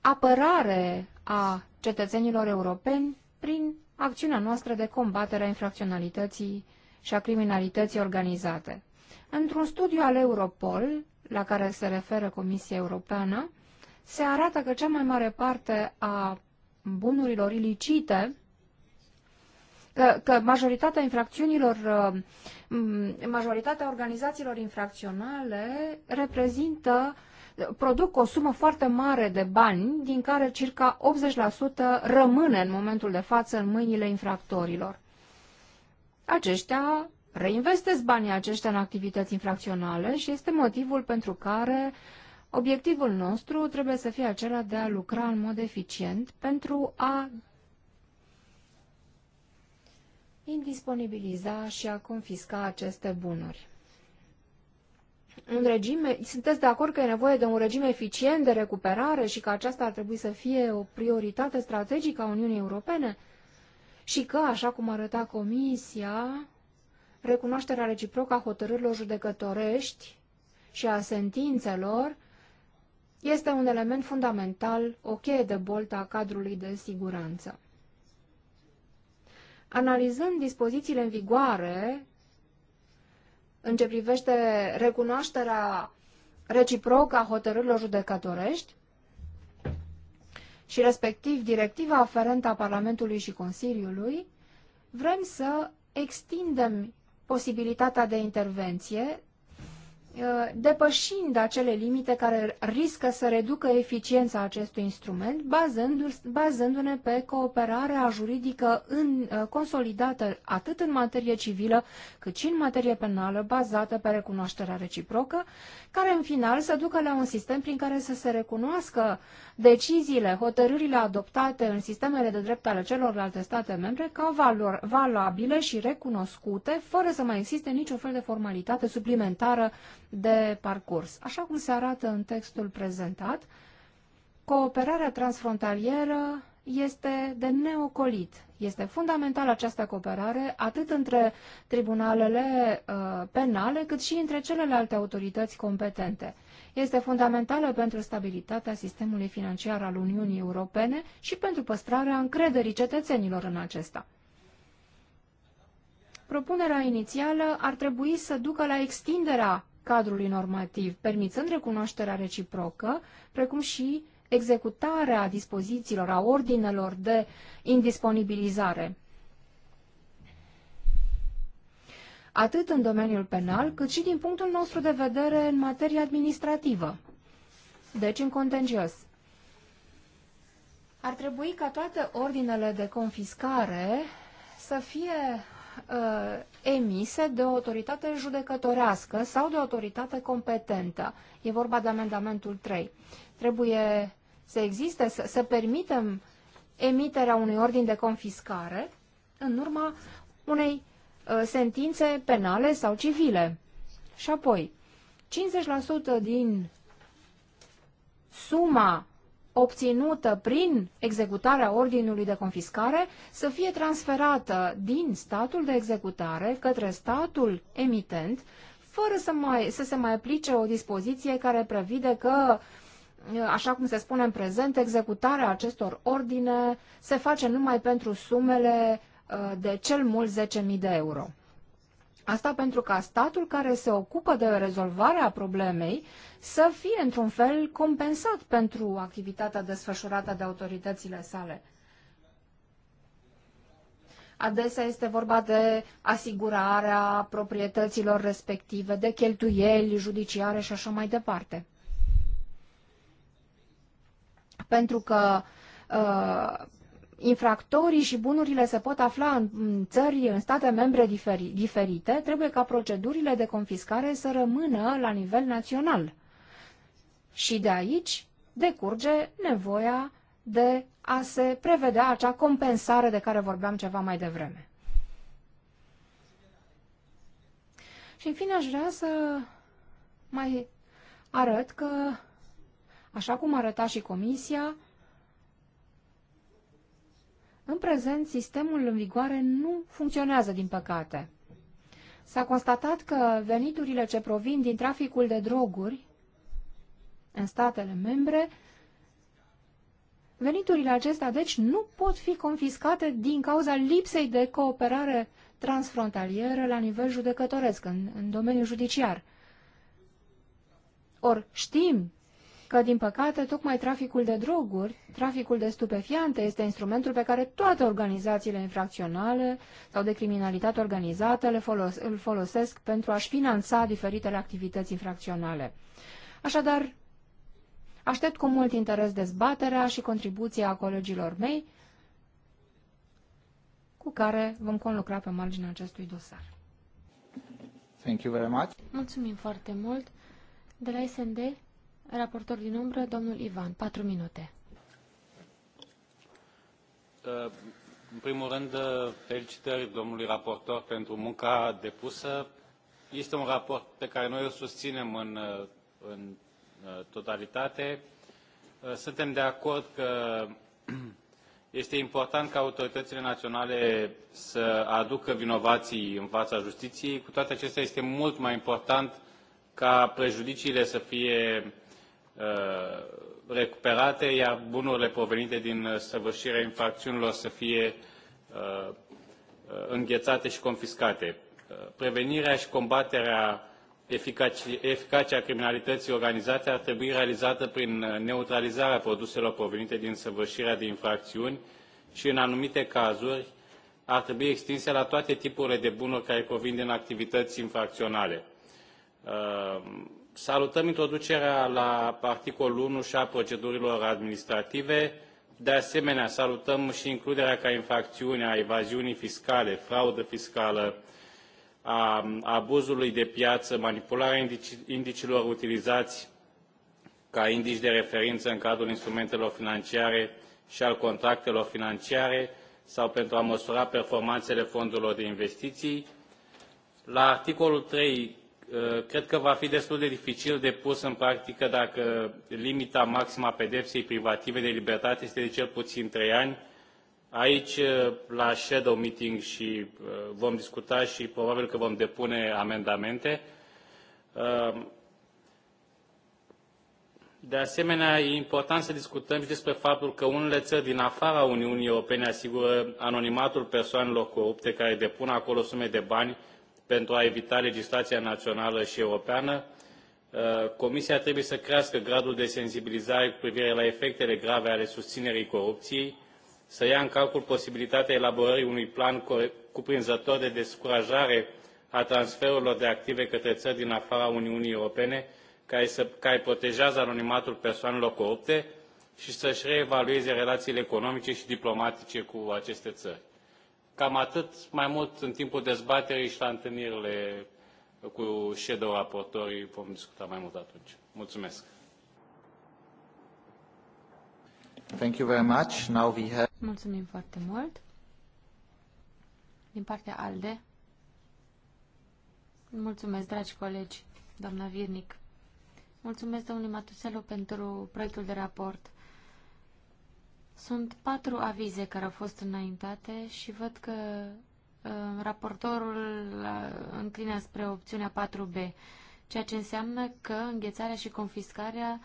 Speaker 3: apărare a cetățenilor europeni prin acțiunea noastră de combatere a infracționalității și a criminalității organizate. Într-un studiu al Europol, la care se referă Comisia Europeană, se arată că cea mai mare parte a bunurilor ilicite că, majoritatea infracțiunilor, uh, majoritatea organizațiilor infracționale reprezintă produc o sumă foarte mare de bani, din care circa 80% rămâne în momentul de față în mâinile infractorilor. Aceștia reinvestesc banii aceștia în activități infracționale și este motivul pentru care obiectivul nostru trebuie să fie acela de a lucra în mod eficient pentru a indisponibiliza și a confisca aceste bunuri. Un regim, sunteți de acord că e nevoie de un regim eficient de recuperare și că aceasta ar trebui să fie o prioritate strategică a Uniunii Europene? Și că, așa cum arăta Comisia, recunoașterea reciprocă a hotărârilor judecătorești și a sentințelor este un element fundamental, o cheie de boltă a cadrului de siguranță. Analizând dispozițiile în vigoare în ce privește recunoașterea reciprocă a hotărârilor judecătorești și respectiv directiva aferentă a Parlamentului și Consiliului, vrem să extindem posibilitatea de intervenție Uh, depășind acele limite care riscă să reducă eficiența acestui instrument, bazându-ne pe cooperarea juridică în, uh, consolidată atât în materie civilă cât și în materie penală, bazată pe recunoașterea reciprocă, care în final să ducă la un sistem prin care să se recunoască uh, deciziile, hotărârile adoptate în sistemele de drept ale celorlalte state membre ca valor, valabile și recunoscute, fără să mai existe niciun fel de formalitate suplimentară de parcurs. Așa cum se arată în textul prezentat, cooperarea transfrontalieră este de neocolit. Este fundamentală această cooperare atât între tribunalele uh, penale cât și între celelalte autorități competente este fundamentală pentru stabilitatea sistemului financiar al Uniunii Europene și pentru păstrarea încrederii cetățenilor în acesta. Propunerea inițială ar trebui să ducă la extinderea cadrului normativ, permițând recunoașterea reciprocă, precum și executarea dispozițiilor, a ordinelor de indisponibilizare. atât în domeniul penal, cât și din punctul nostru de vedere în materie administrativă. Deci în contencios. Ar trebui ca toate ordinele de confiscare să fie uh, emise de o autoritate judecătorească sau de o autoritate competentă. E vorba de amendamentul 3. Trebuie să existe, să, să permitem emiterea unui ordin de confiscare în urma unei Uh, sentințe penale sau civile. Și apoi, 50% din suma obținută prin executarea ordinului de confiscare să fie transferată din statul de executare către statul emitent, fără să, mai, să se mai aplice o dispoziție care prevede că, uh, așa cum se spune în prezent, executarea acestor ordine se face numai pentru sumele Uh, de cel mult 10.000 de euro. Asta pentru ca statul care se ocupă de rezolvarea problemei să fie într-un fel compensat pentru activitatea desfășurată de autoritățile sale. Adesea este vorba de asigurarea proprietăților respective, de cheltuieli judiciare și așa mai departe. Pentru că uh, infractorii și bunurile se pot afla în țări, în state membre diferi, diferite, trebuie ca procedurile de confiscare să rămână la nivel național. Și de aici decurge nevoia de a se prevedea acea compensare de care vorbeam ceva mai devreme. Și în fine aș vrea să mai arăt că, așa cum arăta și comisia, în prezent, sistemul în vigoare nu funcționează, din păcate. S-a constatat că veniturile ce provin din traficul de droguri în statele membre, veniturile acestea, deci, nu pot fi confiscate din cauza lipsei de cooperare transfrontalieră la nivel judecătoresc, în, în domeniul judiciar. Ori știm că, din păcate, tocmai traficul de droguri, traficul de stupefiante este instrumentul pe care toate organizațiile infracționale sau de criminalitate organizată le folos îl folosesc pentru a-și finanța diferitele activități infracționale. Așadar, aștept cu mult interes dezbaterea și contribuția colegilor mei cu care vom conlucra pe marginea acestui dosar.
Speaker 5: Thank you very much.
Speaker 4: Mulțumim foarte mult. De la SND, Raportor din umbră, domnul Ivan, patru minute.
Speaker 1: Uh, în primul rând, uh, felicitări domnului raportor pentru munca depusă. Este un raport pe care noi îl susținem în, uh, în totalitate. Suntem de acord că este important ca autoritățile naționale să aducă vinovații în fața justiției. Cu toate acestea, este mult mai important ca prejudiciile să fie Uh, recuperate, iar bunurile provenite din uh, săvârșirea infracțiunilor să fie uh, înghețate și confiscate. Prevenirea și combaterea eficace a criminalității organizate ar trebui realizată prin neutralizarea produselor provenite din săvârșirea de infracțiuni și, în anumite cazuri, ar trebui extinse la toate tipurile de bunuri care provin din activități infracționale. Salutăm introducerea la articolul 1 și a procedurilor administrative. De asemenea, salutăm și includerea ca infracțiune a evaziunii fiscale, fraudă fiscală, a abuzului de piață, manipularea indici, indicilor utilizați ca indici de referință în cadrul instrumentelor financiare și al contractelor financiare sau pentru a măsura performanțele fondurilor de investiții. La articolul 3 Uh, cred că va fi destul de dificil de pus în practică dacă limita maximă a pedepsei privative de libertate este de cel puțin trei ani. Aici, uh, la shadow meeting, și uh, vom discuta și probabil că vom depune amendamente. De asemenea, e important să discutăm și despre faptul că unele țări din afara Uniunii Europene asigură anonimatul persoanelor corupte care depun acolo sume de bani pentru a evita legislația națională și europeană, uh, Comisia trebuie să crească gradul de sensibilizare cu privire la efectele grave ale susținerii corupției, să ia în calcul posibilitatea elaborării unui plan cuprinzător de descurajare a transferurilor de active către țări din afara Uniunii Europene, care, să, care protejează anonimatul persoanelor corupte și să-și reevalueze relațiile economice și diplomatice cu aceste țări. Cam atât, mai mult în timpul dezbaterii și la întâlnirile cu shadow raportorii vom discuta mai mult atunci. Mulțumesc. Thank you very much. Now we have...
Speaker 4: Mulțumim foarte mult. Din partea ALDE. Mulțumesc, dragi colegi, doamna Virnic. Mulțumesc, domnului Matuselu, pentru proiectul de raport. Sunt patru avize care au fost înaintate și văd că uh, raportorul uh, înclină spre opțiunea 4B, ceea ce înseamnă că înghețarea și confiscarea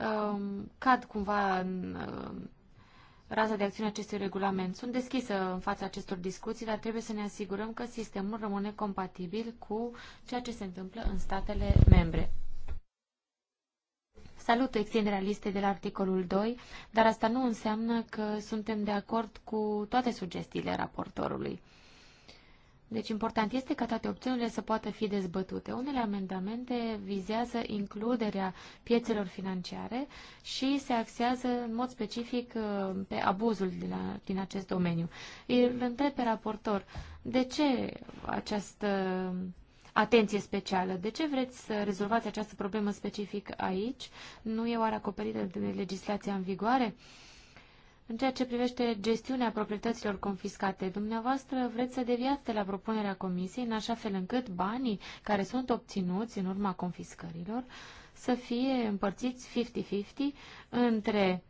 Speaker 4: uh, cad cumva în uh, raza de acțiune acestui regulament. Sunt deschisă în fața acestor discuții, dar trebuie să ne asigurăm că sistemul rămâne compatibil cu ceea ce se întâmplă în statele membre. Salut, extinderea listei de la articolul 2, dar asta nu înseamnă că suntem de acord cu toate sugestiile raportorului. Deci important este ca toate opțiunile să poată fi dezbătute. Unele amendamente vizează includerea piețelor financiare și se axează în mod specific uh, pe abuzul din, la, din acest domeniu. Îl întreb pe raportor, de ce această atenție specială. De ce vreți să rezolvați această problemă specific aici? Nu e oare acoperită de legislația în vigoare? În ceea ce privește gestiunea proprietăților confiscate, dumneavoastră vreți să deviați de la propunerea comisiei în așa fel încât banii care sunt obținuți în urma confiscărilor să fie împărțiți 50-50 între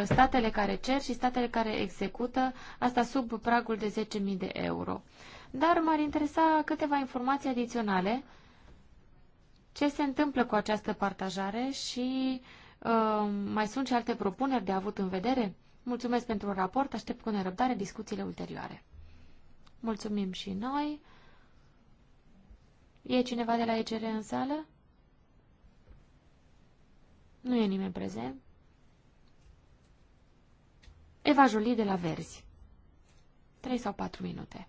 Speaker 4: ă, statele care cer și statele care execută, asta sub pragul de 10.000 de euro dar m-ar interesa câteva informații adiționale. Ce se întâmplă cu această partajare și uh, mai sunt și alte propuneri de avut în vedere? Mulțumesc pentru raport, aștept cu nerăbdare discuțiile ulterioare. Mulțumim și noi. E cineva de la ECR în sală? Nu e nimeni prezent. Eva Jolie de la Verzi. 3 sau 4 minute.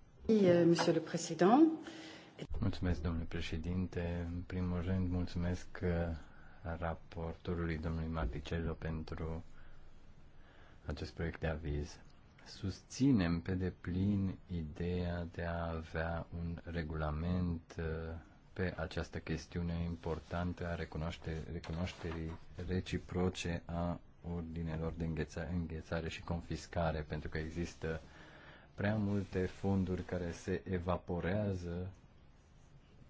Speaker 2: Mulțumesc, domnule președinte. În primul rând, mulțumesc uh, raportorului domnului Marticello pentru acest proiect de aviz. Susținem pe deplin ideea de a avea un regulament uh, pe această chestiune importantă a recunoaște, recunoașterii reciproce a ordinelor de înghețare, înghețare și confiscare, pentru că există uh, prea multe fonduri care se evaporează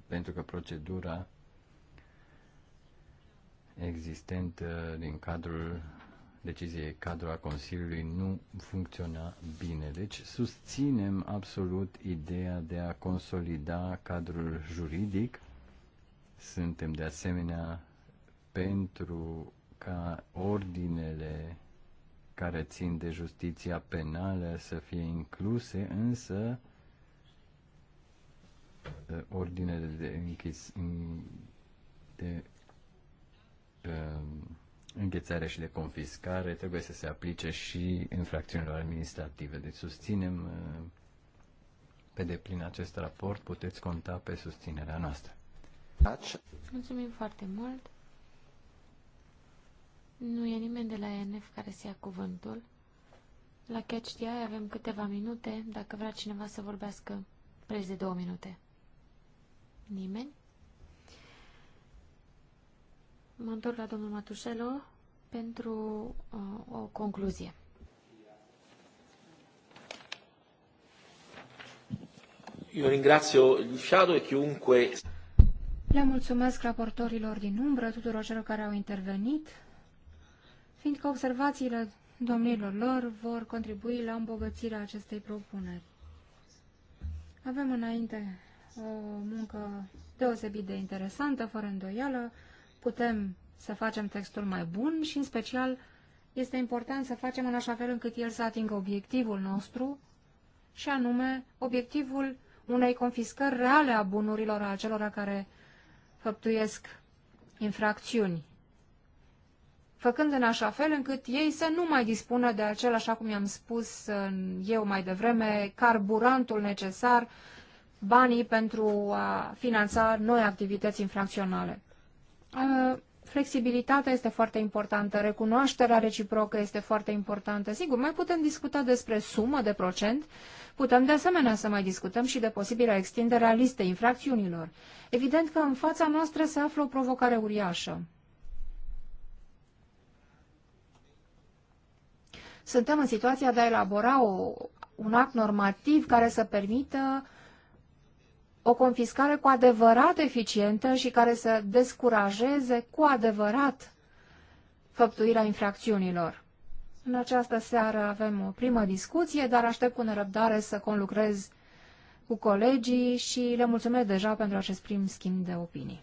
Speaker 2: pentru că procedura existentă din cadrul deciziei cadrul a Consiliului nu funcționa bine. Deci susținem absolut ideea de a consolida cadrul juridic. Suntem de asemenea pentru ca ordinele care țin de justiția penală să fie incluse, însă ordinele de închis de înghețare și de confiscare trebuie să se aplice și infracțiunilor administrative. Deci susținem pe deplin acest raport, puteți conta pe susținerea noastră.
Speaker 4: Mulțumim foarte mult! Nu e nimeni de la ENF care să ia cuvântul. La Catch the Eye avem câteva minute, dacă vrea cineva să vorbească, preț de două minute. Nimeni? Mă întorc la domnul Matușelo pentru uh, o concluzie.
Speaker 1: Eu ringrazio il Shadow e chiunque...
Speaker 3: Le mulțumesc raportorilor din umbră, tuturor celor care au intervenit, fiindcă observațiile domnilor lor vor contribui la îmbogățirea acestei propuneri. Avem înainte o muncă deosebit de interesantă, fără îndoială, putem să facem textul mai bun și, în special, este important să facem în așa fel încât el să atingă obiectivul nostru, și anume obiectivul unei confiscări reale a bunurilor a celor care făptuiesc infracțiuni făcând în așa fel încât ei să nu mai dispună de acel, așa cum i-am spus uh, eu mai devreme, carburantul necesar, banii pentru a finanța noi activități infracționale. Uh, flexibilitatea este foarte importantă, recunoașterea reciprocă este foarte importantă. Sigur, mai putem discuta despre sumă de procent, putem de asemenea să mai discutăm și de posibilă extindere a listei infracțiunilor. Evident că în fața noastră se află o provocare uriașă. suntem în situația de a elabora o, un act normativ care să permită o confiscare cu adevărat eficientă și care să descurajeze cu adevărat făptuirea infracțiunilor. În această seară avem o primă discuție, dar aștept cu nerăbdare să conlucrez cu colegii și le mulțumesc deja pentru acest prim schimb de opinii.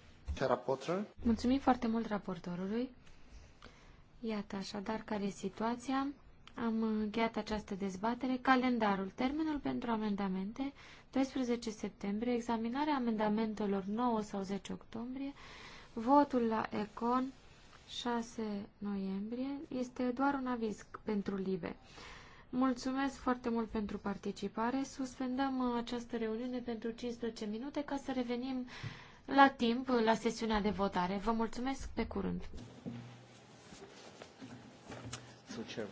Speaker 3: Mulțumim foarte mult raportorului. Iată
Speaker 4: așadar care e situația. Am încheiat această dezbatere. Calendarul. Termenul pentru amendamente, 12 septembrie, examinarea amendamentelor 9 sau 10 octombrie, votul la ECON 6 noiembrie. Este doar un aviz pentru LIBE. Mulțumesc foarte mult pentru participare. Suspendăm această reuniune pentru 15 minute ca să revenim la timp la sesiunea de votare. Vă mulțumesc pe curând.
Speaker 5: So chair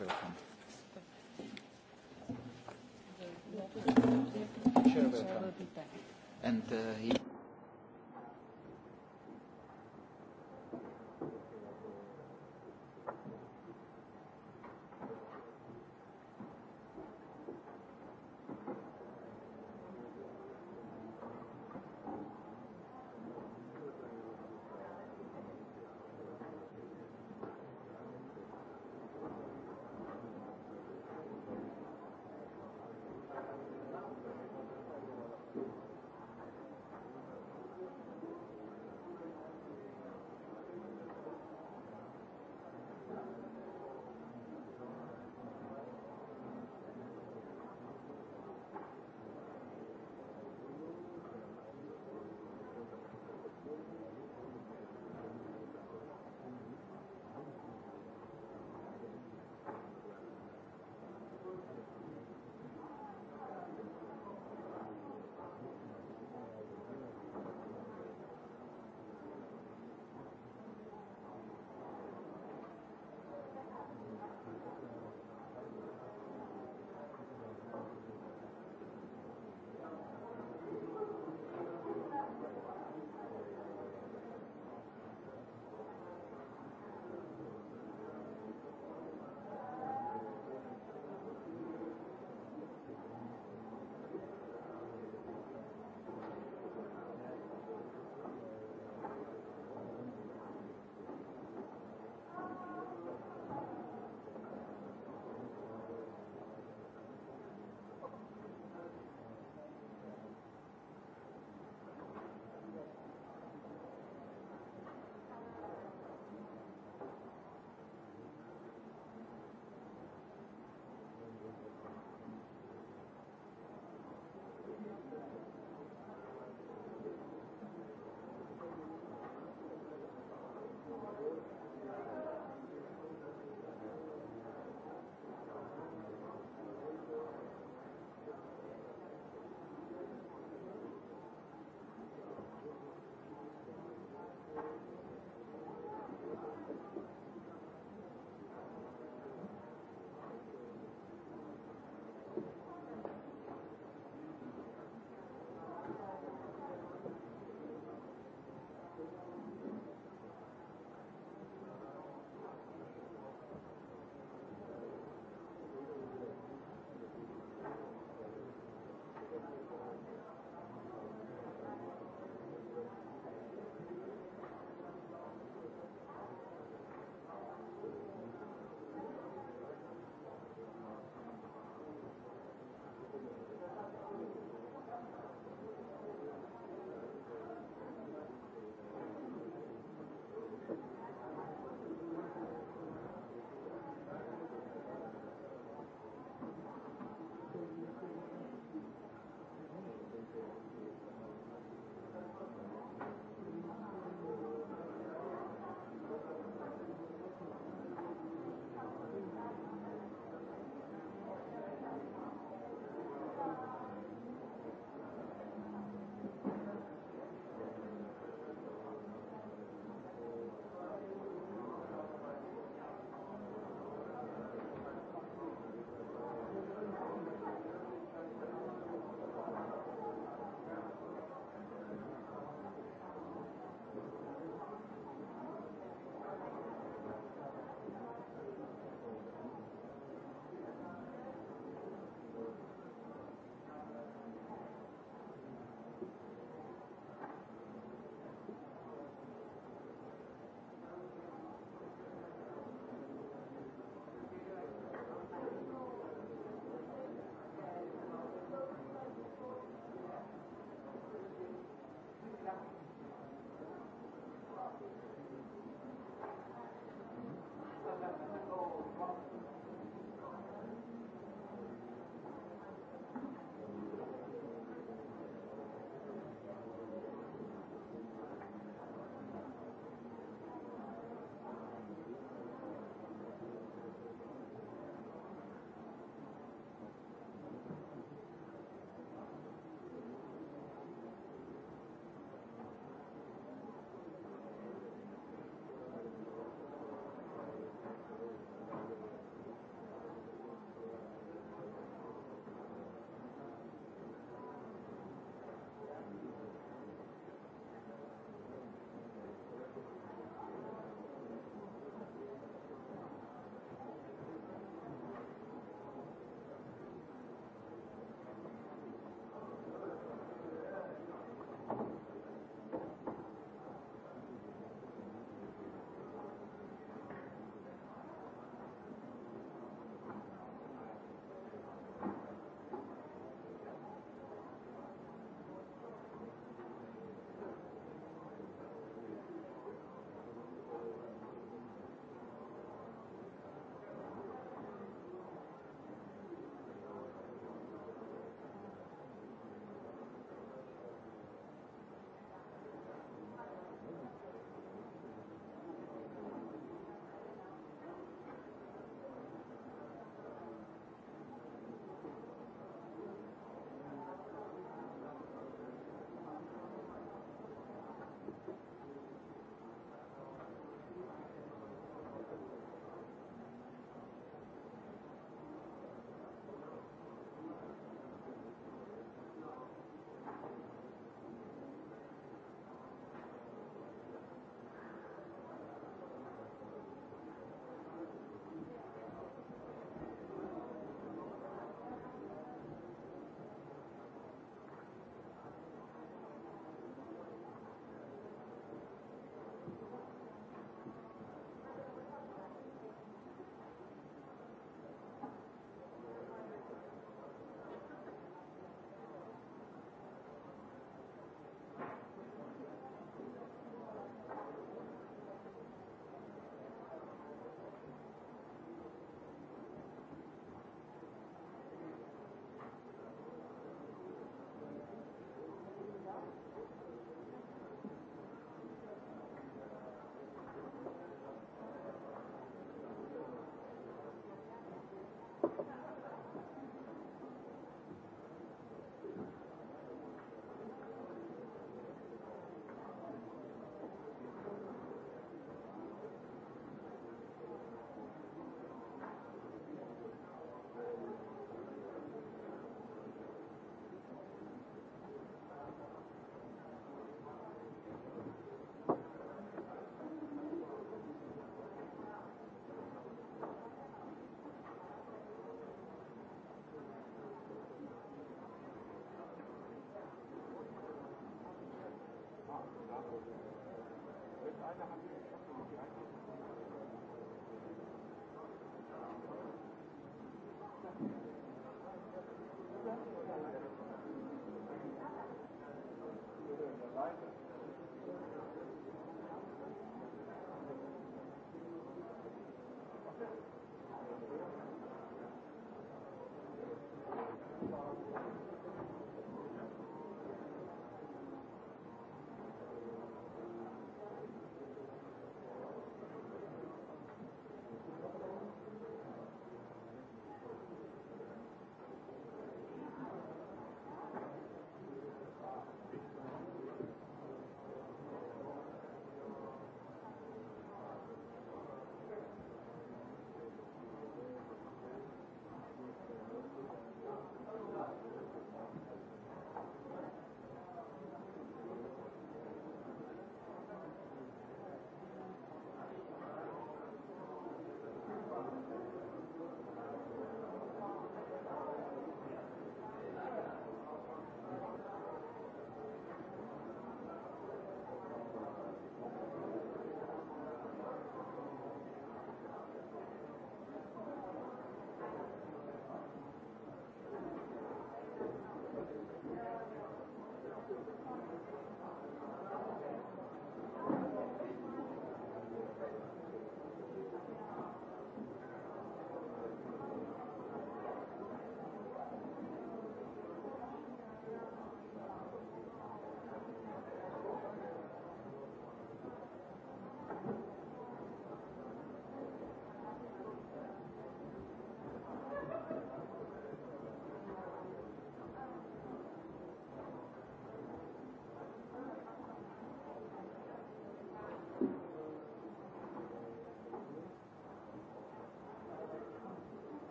Speaker 5: And uh, he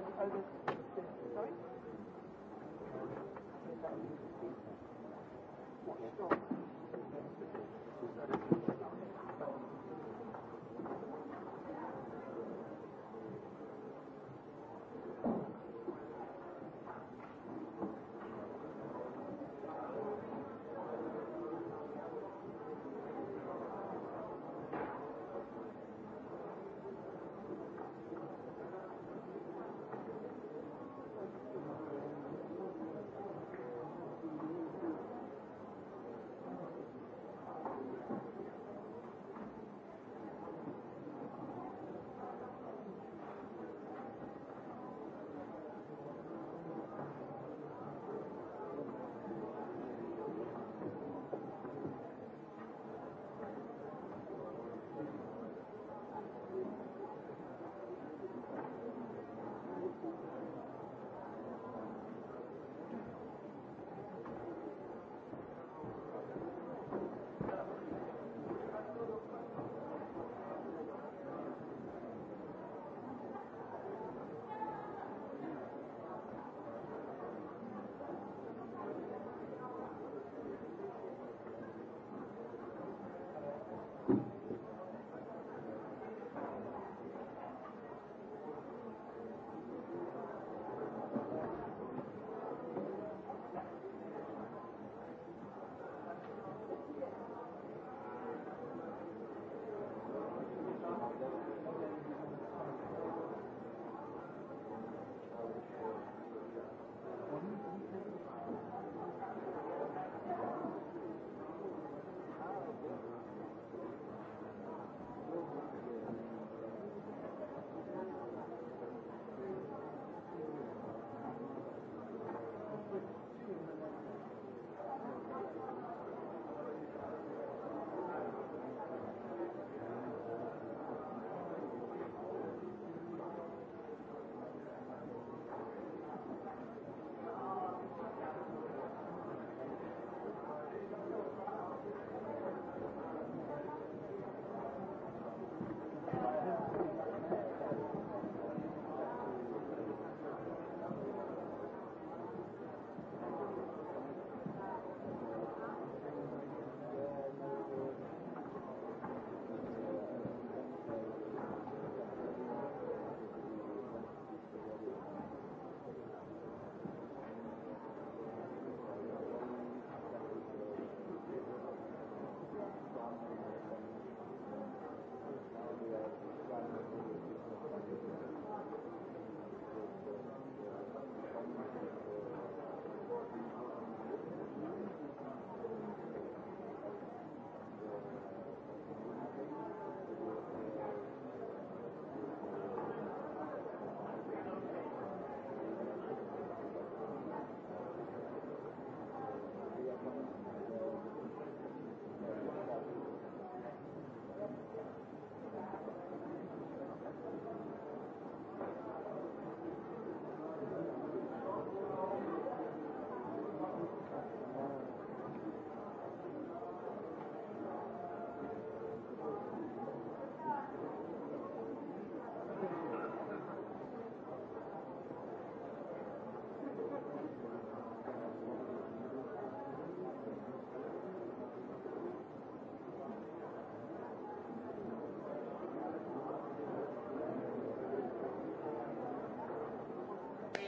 Speaker 5: dann alles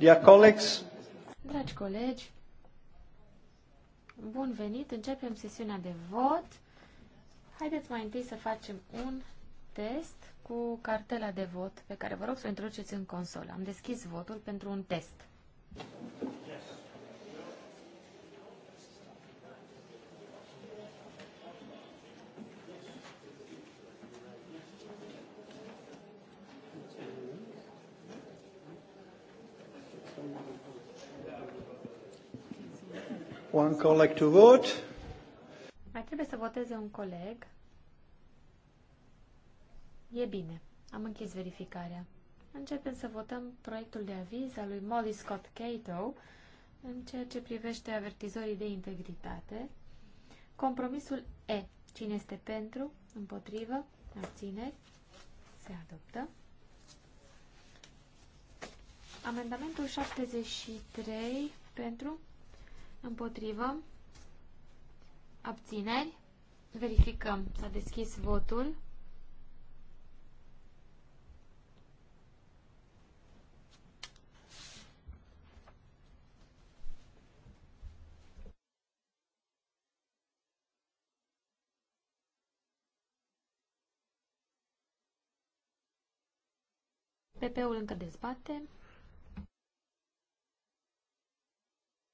Speaker 1: Dear colleagues.
Speaker 4: Dragi colegi, bun venit, începem sesiunea de vot. Haideți mai întâi să facem un test cu cartela de vot pe care vă rog să o introduceți în consolă. Am deschis votul pentru un test.
Speaker 2: One colleague to vote.
Speaker 4: Mai trebuie să voteze un coleg. E bine. Am închis verificarea. Începem să votăm proiectul de aviz al lui Molly Scott Cato în ceea ce privește avertizorii de integritate. Compromisul E. Cine este pentru, împotrivă, abțineri, se adoptă. Amendamentul 73 pentru, împotrivă, abțineri. Verificăm. S-a deschis votul. PP-ul încă dezbate.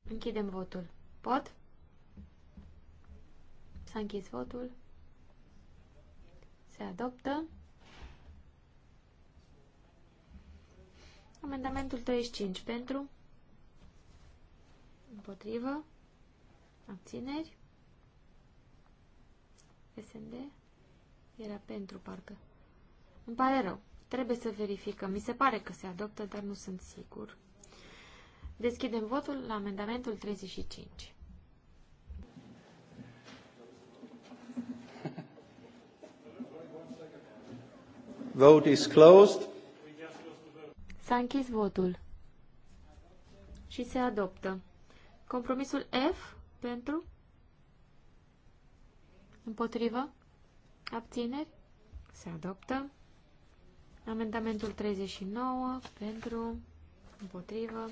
Speaker 4: Închidem votul. Pot? S-a închis votul. Se adoptă. Amendamentul 35 pentru. Împotrivă. Abțineri. SND. Era pentru, parcă. Îmi pare rău. Trebuie să verificăm. Mi se pare că se adoptă, dar nu sunt sigur. Deschidem votul la amendamentul 35. Vote is closed. S-a închis votul. Și se adoptă. Compromisul F pentru? Împotrivă? Abțineri? Se adoptă. Amendamentul 39 pentru? Împotrivă?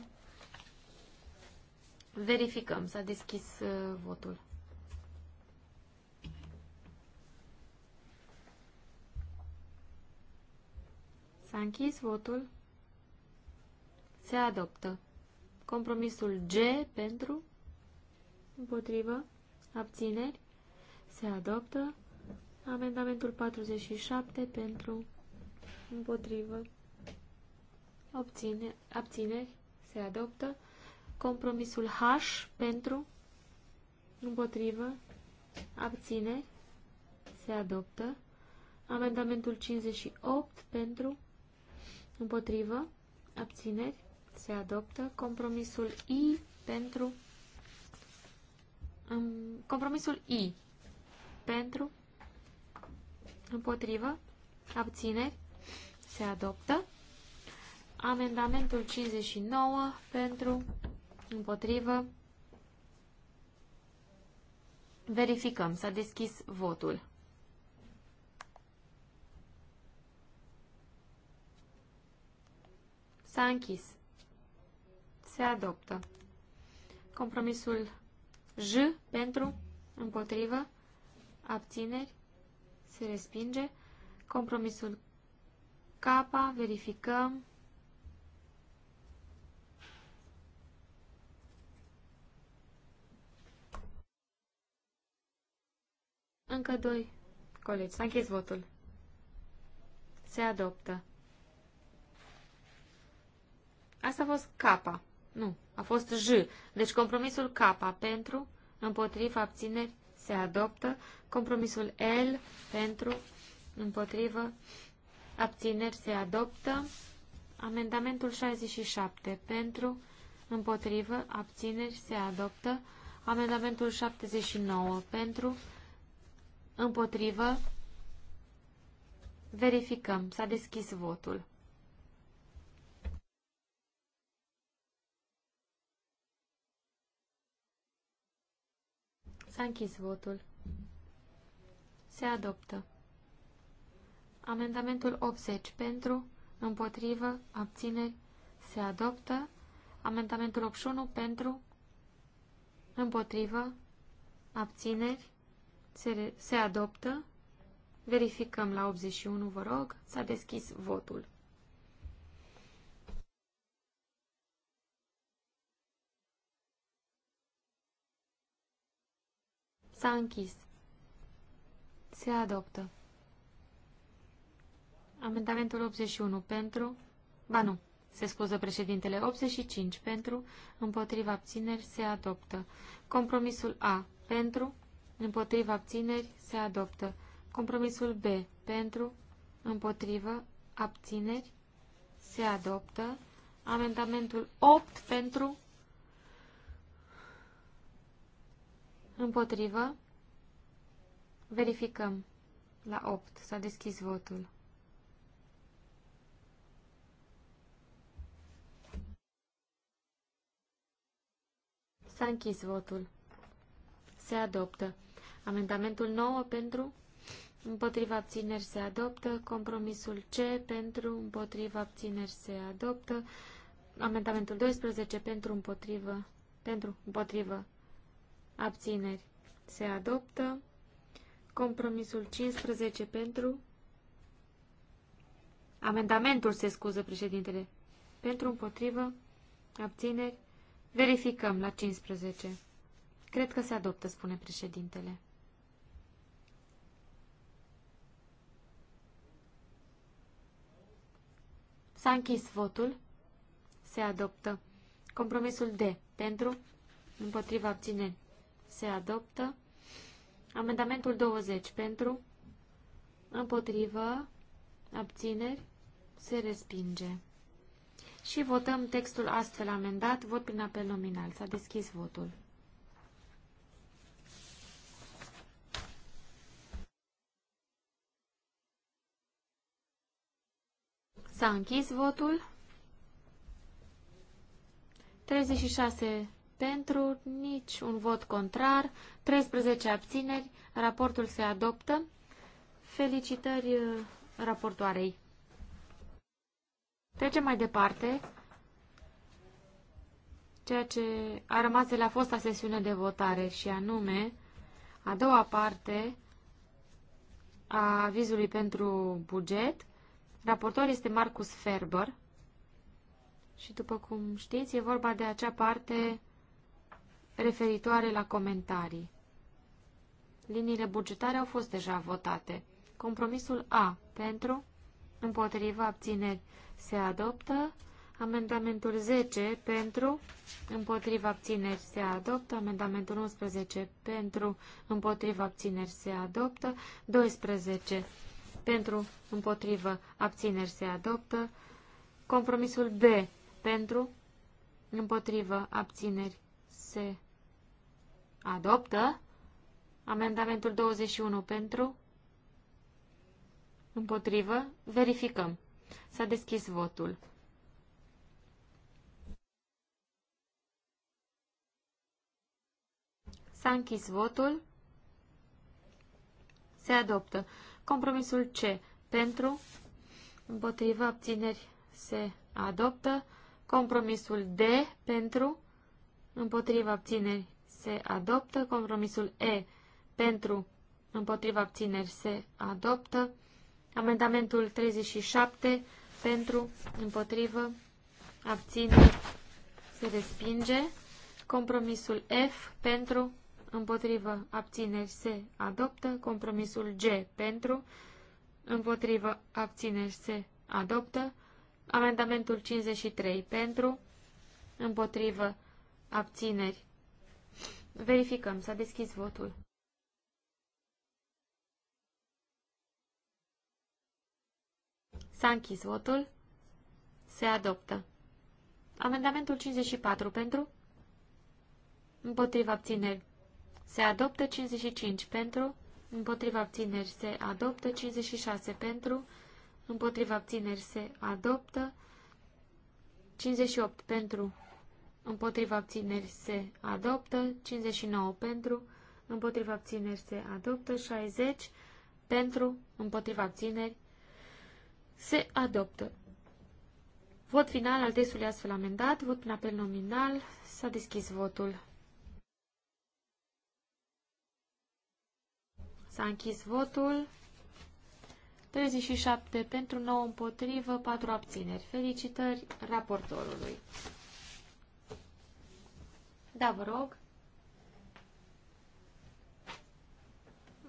Speaker 4: Verificăm. S-a deschis uh, votul. S-a închis votul. Se adoptă. Compromisul G pentru, împotrivă, abțineri. Se adoptă. Amendamentul 47 pentru, împotrivă, obține, abțineri. Se adoptă. Compromisul H pentru, împotrivă, abține se adoptă. Amendamentul 58 pentru, împotrivă, abțineri, se adoptă. Compromisul I pentru, um, compromisul I pentru, împotrivă, abțineri, se adoptă. Amendamentul 59 pentru, Împotrivă. Verificăm. S-a deschis votul. S-a închis. Se adoptă. Compromisul J pentru, împotrivă, abțineri, se respinge. Compromisul K, verificăm. Încă doi colegi. S-a închis votul. Se adoptă. Asta a fost K, Nu, a fost J. Deci compromisul K pentru, împotriva, abțineri, se adoptă. Compromisul L pentru, împotrivă, abțineri, se adoptă. Amendamentul 67 pentru, împotrivă, abțineri, se adoptă. Amendamentul 79 pentru, Împotrivă. Verificăm. S-a deschis votul. S-a închis votul. Se adoptă. Amendamentul 80 pentru, împotrivă, abțineri, se adoptă. Amendamentul 81 pentru, împotrivă, abțineri, se, se adoptă. Verificăm la 81, vă rog. S-a deschis votul. S-a închis. Se adoptă. Amendamentul 81 pentru... Ba nu, se scuză președintele. 85 pentru, împotriva abțineri, se adoptă. Compromisul A pentru, împotriva abțineri se adoptă. Compromisul B pentru, împotrivă, abțineri se adoptă. Amendamentul 8 pentru, împotrivă, verificăm. La 8 s-a deschis votul. S-a închis votul. Se adoptă. Amendamentul 9 pentru, împotriva abțineri se adoptă. Compromisul C pentru, împotriva abțineri se adoptă. Amendamentul 12 pentru, împotrivă, pentru, împotrivă, abțineri se adoptă. Compromisul 15 pentru, amendamentul se scuză președintele, pentru, împotrivă, abțineri, verificăm la 15. Cred că se adoptă, spune președintele. S-a închis votul. Se adoptă.
Speaker 1: Compromisul D.
Speaker 4: Pentru. Împotriva abțineri. Se adoptă. Amendamentul 20. Pentru. Împotrivă. Abțineri. Se respinge. Și votăm textul astfel amendat. Vot prin apel nominal. S-a deschis votul. S-a închis votul. 36 pentru, nici un vot contrar, 13 abțineri, raportul se adoptă. Felicitări uh, raportoarei. Trecem mai departe. Ceea ce a rămas de la fosta sesiune de votare și anume a doua parte a avizului pentru buget Raportor este Marcus Ferber și, după cum știți, e vorba de acea parte referitoare la comentarii. Liniile bugetare au fost deja votate. Compromisul A pentru, împotriva abțineri se adoptă. Amendamentul 10 pentru, împotriva abțineri se adoptă. Amendamentul 11 pentru, împotriva abțineri se adoptă. 12 pentru, împotrivă, abțineri se adoptă. Compromisul B pentru, împotrivă, abțineri se adoptă. Amendamentul 21 pentru, împotrivă, verificăm. S-a deschis votul. S-a închis votul. Se adoptă. Compromisul C. Pentru, împotriva, abțineri, se adoptă. Compromisul D. Pentru, împotriva, abțineri, se adoptă. Compromisul E. Pentru, împotriva, abțineri, se adoptă. Amendamentul 37. Pentru, împotrivă, abțineri, se respinge. Compromisul F. Pentru, împotrivă, abțineri, se adoptă. Compromisul G pentru, împotrivă, abțineri, se adoptă. Amendamentul 53 pentru, împotrivă, abțineri. Verificăm, s-a deschis votul. S-a închis votul. Se adoptă. Amendamentul 54 pentru? Împotriva abțineri. Se adoptă 55 pentru, împotriva abțineri se adoptă 56 pentru, împotriva abțineri se adoptă 58 pentru, împotriva abțineri se adoptă 59 pentru, împotriva abțineri se adoptă 60 pentru, împotriva abțineri se adoptă. Vot final al testului astfel amendat, vot prin apel nominal, s-a deschis votul. S-a închis votul. 37 pentru 9 împotrivă, 4 abțineri. Felicitări raportorului. Da, vă rog.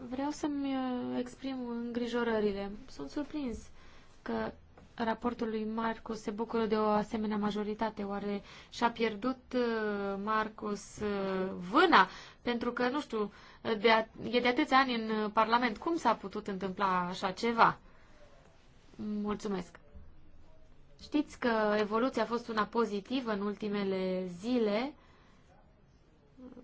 Speaker 4: Vreau să-mi uh, exprim îngrijorările. Sunt surprins că raportul lui Marcus se bucură de o asemenea majoritate. Oare și-a pierdut uh, Marcus uh, vâna? Pentru că, nu știu, de a, e de atâția ani în Parlament. Cum s-a putut întâmpla așa ceva? Mulțumesc. Știți că evoluția a fost una pozitivă în ultimele zile.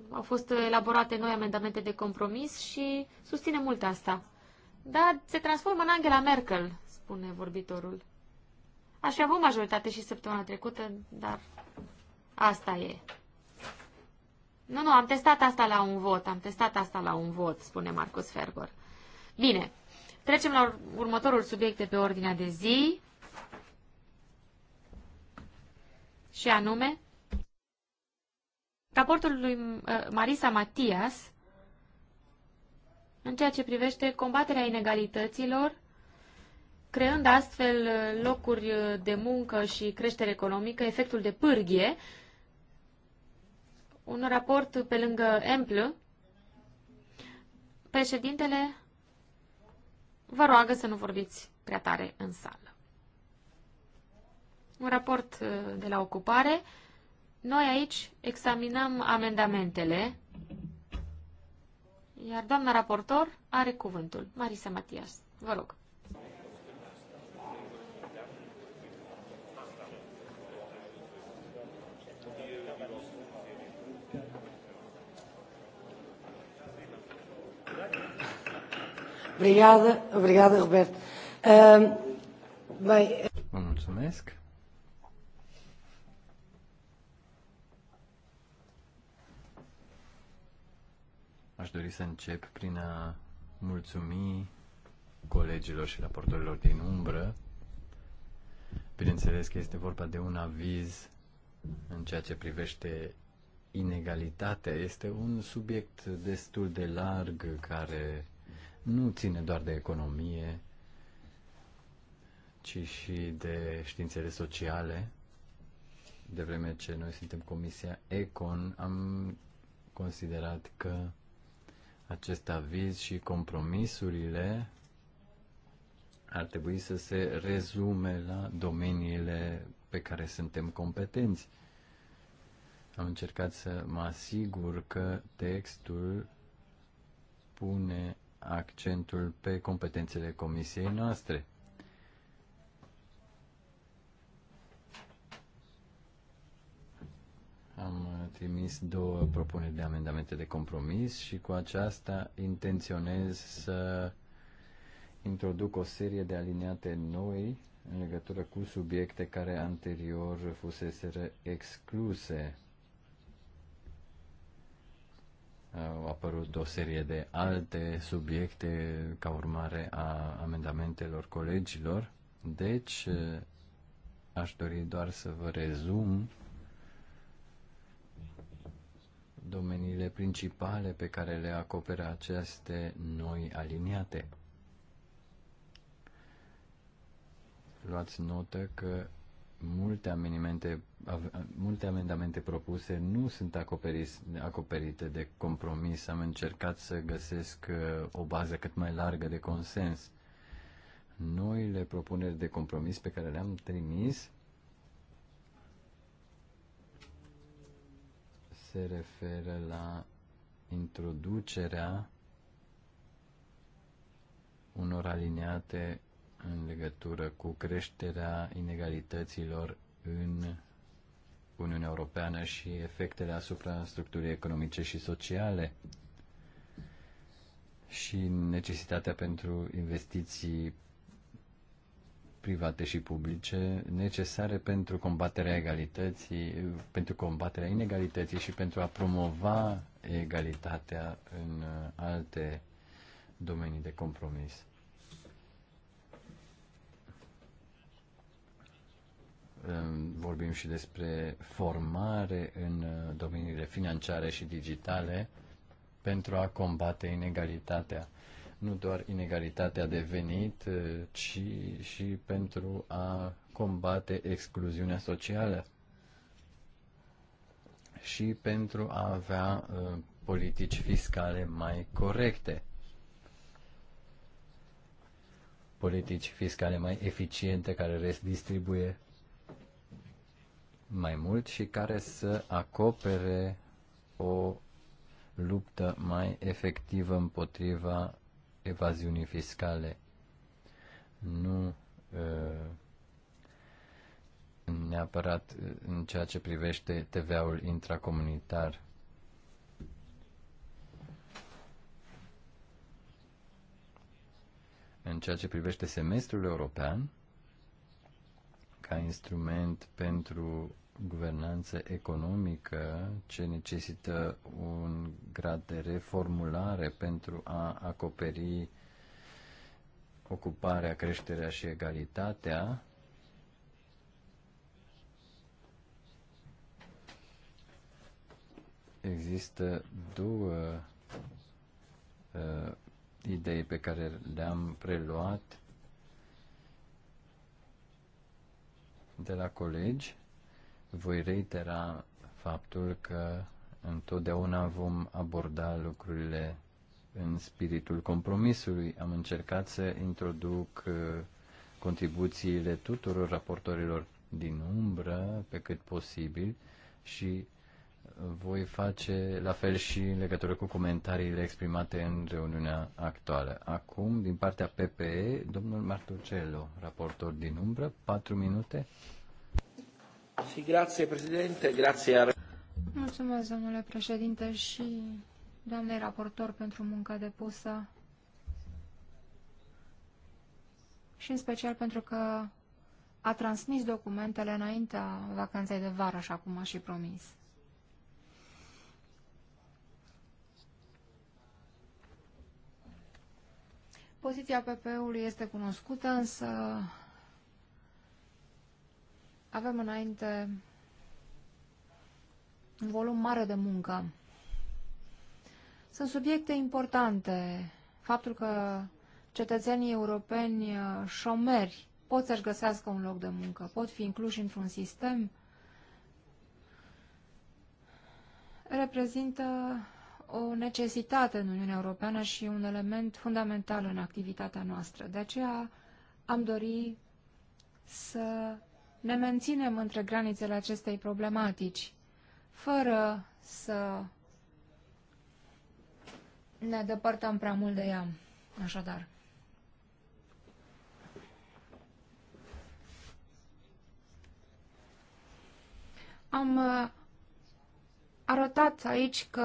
Speaker 4: Au fost elaborate noi amendamente de compromis și susține mult asta. Dar se transformă în Angela Merkel, spune vorbitorul. Aș fi avut majoritate și săptămâna trecută, dar asta e. Nu, nu, am testat asta la un vot, am testat asta la un vot, spune Marcus Ferber. Bine, trecem la următorul subiect de pe ordinea de zi. Și anume, raportul lui uh, Marisa Matias în ceea ce privește combaterea inegalităților creând astfel locuri de muncă și creștere economică, efectul de pârghie. Un raport pe lângă Emplă, președintele vă roagă să nu vorbiți prea tare în sală. Un raport uh, de la ocupare. Noi aici examinăm amendamentele, iar doamna raportor are cuvântul. Marisa Matias, vă rog.
Speaker 5: Obrigada, obrigada, Roberto.
Speaker 2: Uh, bem... mulțumesc. Aș dori să încep prin a mulțumi colegilor și raportorilor din umbră. Bineînțeles că este vorba de un aviz în ceea ce privește inegalitatea. Este un subiect destul de larg care nu ține doar de economie, ci și de științele sociale. De vreme ce noi suntem Comisia Econ, am considerat că acest aviz și compromisurile ar trebui să se rezume la domeniile pe care suntem competenți. Am încercat să mă asigur că textul pune accentul pe competențele comisiei noastre. Am trimis două propuneri de amendamente de compromis și cu aceasta intenționez să introduc o serie de alineate noi în legătură cu subiecte care anterior fusese excluse au apărut o serie de alte subiecte ca urmare a amendamentelor colegilor. Deci, aș dori doar să vă rezum domeniile principale pe care le acoperă aceste noi aliniate. Luați notă că multe amendamente, multe amendamente propuse nu sunt acoperis, acoperite de compromis. Am încercat să găsesc uh, o bază cât mai largă de consens. Noile propuneri de compromis pe care le-am trimis se referă la introducerea unor alineate în legătură cu creșterea inegalităților în Uniunea Europeană și efectele asupra structurii economice și sociale și necesitatea pentru investiții private și publice necesare pentru combaterea egalității, pentru combaterea inegalității și pentru a promova egalitatea în alte domenii de compromis. vorbim și despre formare în uh, domeniile financiare și digitale pentru a combate inegalitatea. Nu doar inegalitatea de venit, uh, ci și pentru a combate excluziunea socială și pentru a avea uh, politici fiscale mai corecte. Politici fiscale mai eficiente care redistribuie mai mult și care să acopere o luptă mai efectivă împotriva evaziunii fiscale. Nu ă, neapărat în ceea ce privește TVA-ul intracomunitar. În ceea ce privește semestrul european, ca instrument pentru guvernanță economică ce necesită un grad de reformulare pentru a acoperi ocuparea, creșterea și egalitatea, există două uh, idei pe care le-am preluat de la colegi voi reitera faptul că întotdeauna vom aborda lucrurile în spiritul compromisului. Am încercat să introduc uh, contribuțiile tuturor raportorilor din umbră pe cât posibil și uh, voi face la fel și în legătură cu comentariile exprimate în reuniunea actuală. Acum, din partea PPE, domnul Marturcello, raportor din umbră, patru minute.
Speaker 3: Mulțumesc, domnule președinte, și doamnei raportor pentru munca depusă și în special pentru că a transmis documentele înaintea vacanței de vară, așa cum a și promis. Poziția PP-ului este cunoscută, însă avem înainte un volum mare de muncă. Sunt subiecte importante. Faptul că cetățenii europeni uh, șomeri pot să-și găsească un loc de muncă, pot fi incluși într-un sistem, reprezintă o necesitate în Uniunea Europeană și un element fundamental în activitatea noastră. De aceea am dori să ne menținem între granițele acestei problematici, fără să ne depărtăm prea mult de ea. Așadar. Am uh, arătat aici că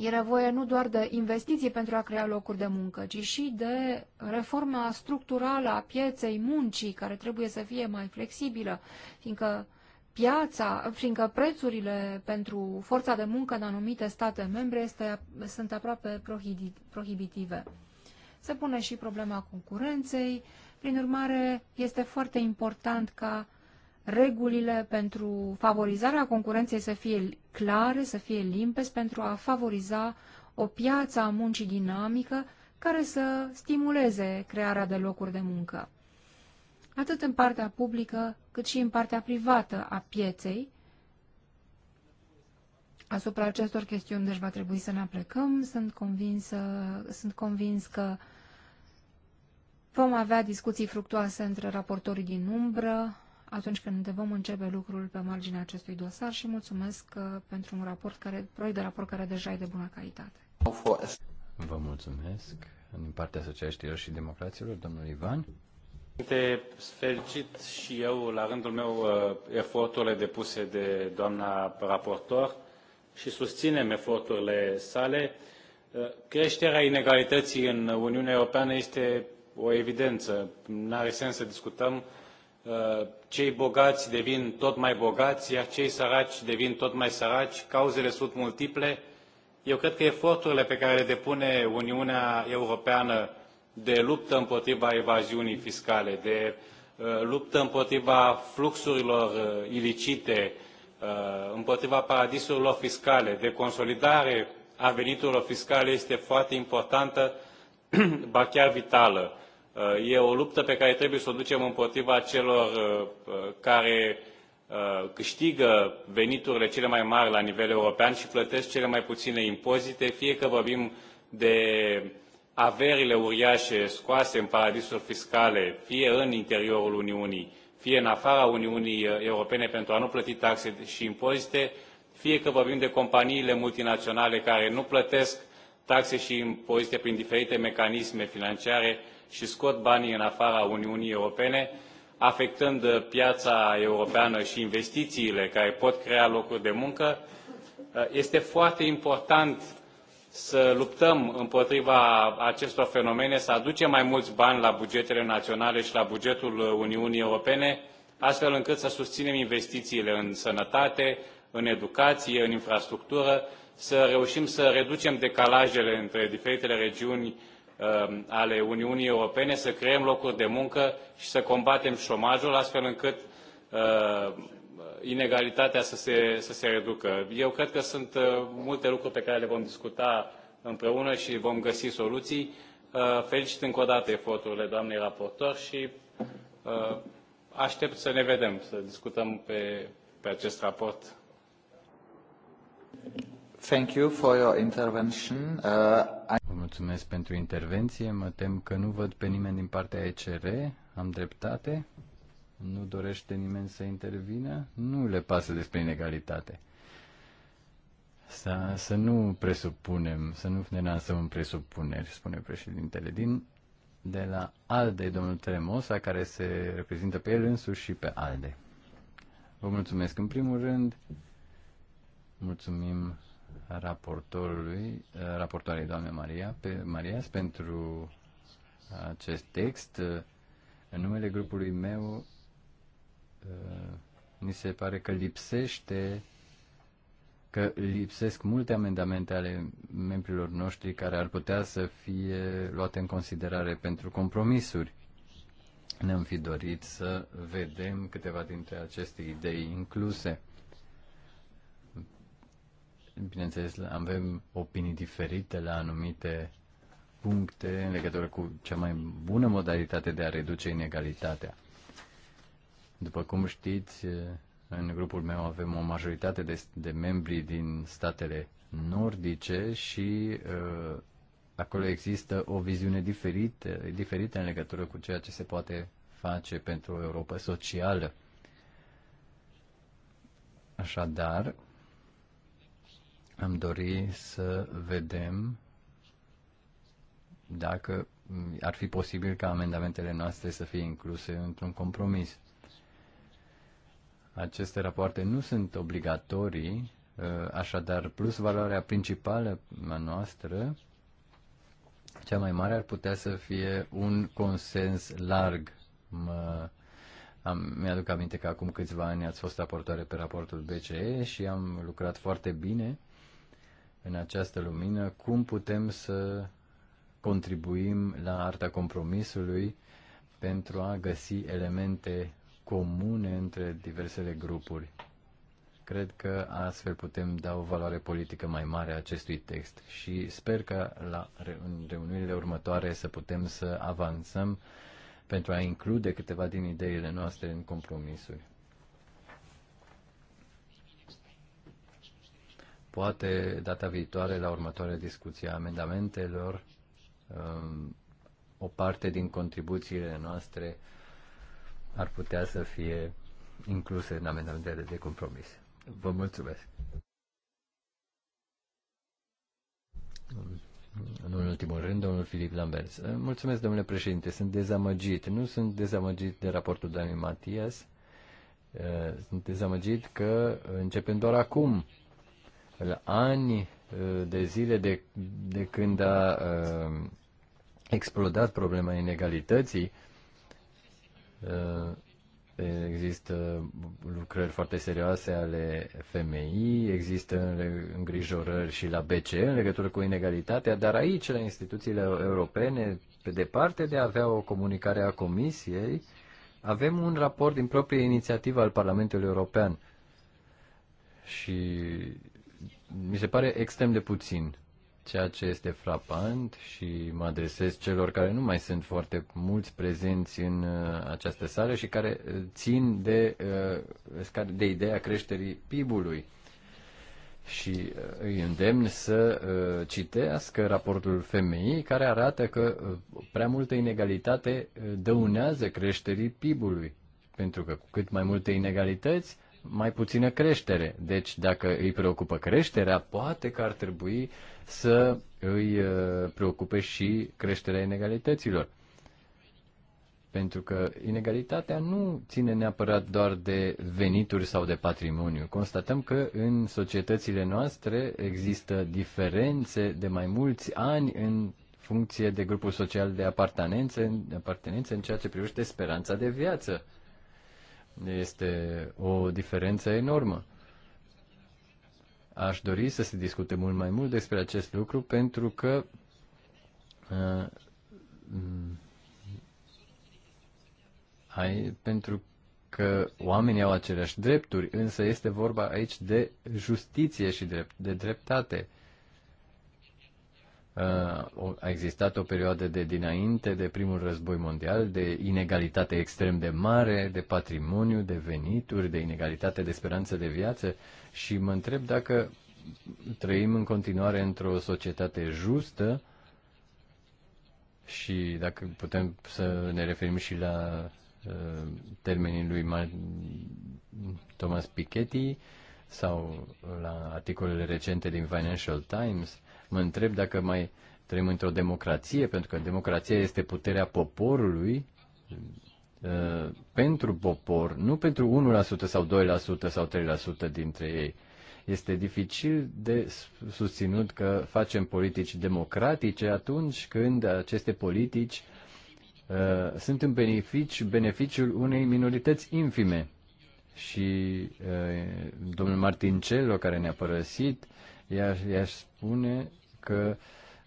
Speaker 3: E nevoie nu doar de investiții pentru a crea locuri de muncă, ci și de reforma structurală a pieței muncii, care trebuie să fie mai flexibilă, fiindcă piața, fiindcă prețurile pentru forța de muncă în anumite state membre este, sunt aproape prohibitive. Se pune și problema concurenței, prin urmare este foarte important ca regulile pentru favorizarea concurenței să fie clare, să fie limpezi, pentru a favoriza o piață a muncii dinamică care să stimuleze crearea de locuri de muncă. Atât în partea publică, cât și în partea privată a pieței, Asupra acestor chestiuni, deci, va trebui să ne aplecăm. Sunt, convinsă, sunt convins că vom avea discuții fructuoase între raportorii din umbră atunci când vom începe lucrul pe marginea acestui dosar și mulțumesc uh, pentru un raport care, proiect de raport care deja e de bună calitate.
Speaker 2: Vă mulțumesc din partea Socialiștilor și Democraților, domnul Ivan.
Speaker 1: Te felicit și eu, la rândul meu, uh, eforturile depuse de doamna raportor și susținem eforturile sale. Uh, creșterea inegalității în Uniunea Europeană este o evidență. n are sens să discutăm uh, Uh, cei bogați devin tot mai bogați, iar cei săraci devin tot mai săraci, cauzele sunt multiple. Eu cred că eforturile pe care le depune Uniunea Europeană de luptă împotriva evaziunii fiscale, de uh, luptă împotriva fluxurilor uh, ilicite, împotriva paradisurilor fiscale, de consolidare a veniturilor fiscale este foarte importantă, ba chiar vitală Uh, e o luptă pe care trebuie să o ducem împotriva celor uh, uh, care câștigă veniturile cele mai mari la nivel european și plătesc cele mai puține impozite, fie că vorbim de averile uriașe scoase în paradisuri fiscale, fie în interiorul Uniunii, fie în afara Uniunii Europene pentru a nu plăti taxe și impozite, fie că vorbim de companiile multinaționale care nu plătesc taxe și impozite prin diferite mecanisme financiare, și scot banii în afara Uniunii Europene, afectând uh, piața europeană și investițiile care pot crea locuri de muncă, uh, este foarte important să luptăm împotriva acestor fenomene, să aducem mai mulți bani la bugetele naționale și la bugetul uh, Uniunii Europene, astfel încât să susținem investițiile în sănătate, în educație, în infrastructură, să reușim să reducem decalajele între diferitele regiuni Um, ale Uniunii Europene, să creăm locuri de muncă și să combatem șomajul, astfel încât uh, inegalitatea să se, să se reducă. Eu cred că sunt uh, multe lucruri pe care le vom discuta împreună și vom găsi soluții. Uh, felicit încă o dată eforturile doamnei raportor și aștept să ne vedem, să discutăm pe, pe acest raport. Thank you for your intervention.
Speaker 2: Uh mulțumesc pentru intervenție. Mă tem că nu văd pe nimeni din partea ECR. Am dreptate? Nu dorește nimeni să intervină? Nu le pasă despre inegalitate. Să, să nu presupunem, să nu ne lansăm în presupuneri, spune președintele din de la ALDE, domnul Tremosa, care se reprezintă pe el însuși și pe ALDE. Vă mulțumesc în primul rând, mulțumim raportorului, eh, raportoarei doamne Maria, pe Marias pentru acest text. În numele grupului meu eh, mi se pare că lipsește că lipsesc multe amendamente ale membrilor noștri care ar putea să fie luate în considerare pentru compromisuri. Ne-am fi dorit să vedem câteva dintre aceste idei incluse. Bineînțeles, avem opinii diferite la anumite puncte în legătură cu cea mai bună modalitate de a reduce inegalitatea. După cum știți, în grupul meu avem o majoritate de, de membri din statele nordice și uh, acolo există o viziune diferită, diferită în legătură cu ceea ce se poate face pentru o Europa socială. Așadar, am dori să vedem dacă ar fi posibil ca amendamentele noastre să fie incluse într-un compromis. Aceste rapoarte nu sunt obligatorii, ă, așadar plus valoarea principală a noastră, cea mai mare ar putea să fie un consens larg. Mă, am, mi-aduc aminte că acum câțiva ani ați fost raportoare pe raportul BCE și am lucrat foarte bine în această lumină cum putem să contribuim la arta compromisului pentru a găsi elemente comune între diversele grupuri. Cred că astfel putem da o valoare politică mai mare acestui text și sper că la reuniunile următoare să putem să avansăm pentru a include câteva din ideile noastre în compromisuri. poate data viitoare la următoarea discuție a amendamentelor um, o parte din contribuțiile noastre ar putea să fie incluse în amendamentele de compromis. Vă mulțumesc. În ultimul rând, domnul Filip Lambert. Uh, mulțumesc, domnule președinte, sunt dezamăgit. Nu sunt dezamăgit de raportul doamnei Matias. Uh, sunt dezamăgit că începem doar acum la ani ă, de zile de, de când a ă, explodat problema inegalității, ă, există lucrări foarte serioase ale FMI, există îngrijorări și la BCE în legătură cu inegalitatea, dar aici, la instituțiile europene, pe departe de a avea o comunicare a Comisiei, avem un raport din proprie inițiativă al Parlamentului European. Și mi se pare extrem de puțin. Ceea ce este frapant și mă adresez celor care nu mai sunt foarte mulți prezenți în uh, această sală și care uh, țin de, uh, de ideea creșterii PIB-ului și îi îndemn să citească raportul femeii care arată că prea multă inegalitate dăunează creșterii PIB-ului. Pentru că cu cât mai multe inegalități, mai puțină creștere. Deci dacă îi preocupă creșterea, poate că ar trebui să îi uh, preocupe și creșterea inegalităților. Pentru că inegalitatea nu ține neapărat doar de venituri sau de patrimoniu. Constatăm că în societățile noastre există diferențe de mai mulți ani în funcție de grupul social de apartenență, apartenență în ceea ce privește speranța de viață este o diferență enormă. Aș dori să se discute mult mai mult despre acest lucru pentru că uh, ai, pentru că oamenii au aceleași drepturi, însă este vorba aici de justiție și drept, de dreptate. Uh, a existat o perioadă de dinainte de primul război mondial, de inegalitate extrem de mare, de patrimoniu, de venituri, de inegalitate de speranță de viață și mă întreb dacă trăim în continuare într-o societate justă și dacă putem să ne referim și la uh, termenii lui Thomas Piketty sau la articolele recente din Financial Times, Mă întreb dacă mai trăim într-o democrație, pentru că democrația este puterea poporului uh, pentru popor, nu pentru 1% sau 2% sau 3% dintre ei. Este dificil de susținut că facem politici democratice atunci când aceste politici uh, sunt în benefici, beneficiul unei minorități infime. Și uh, domnul Martin Cello, care ne-a părăsit, i-aș spune că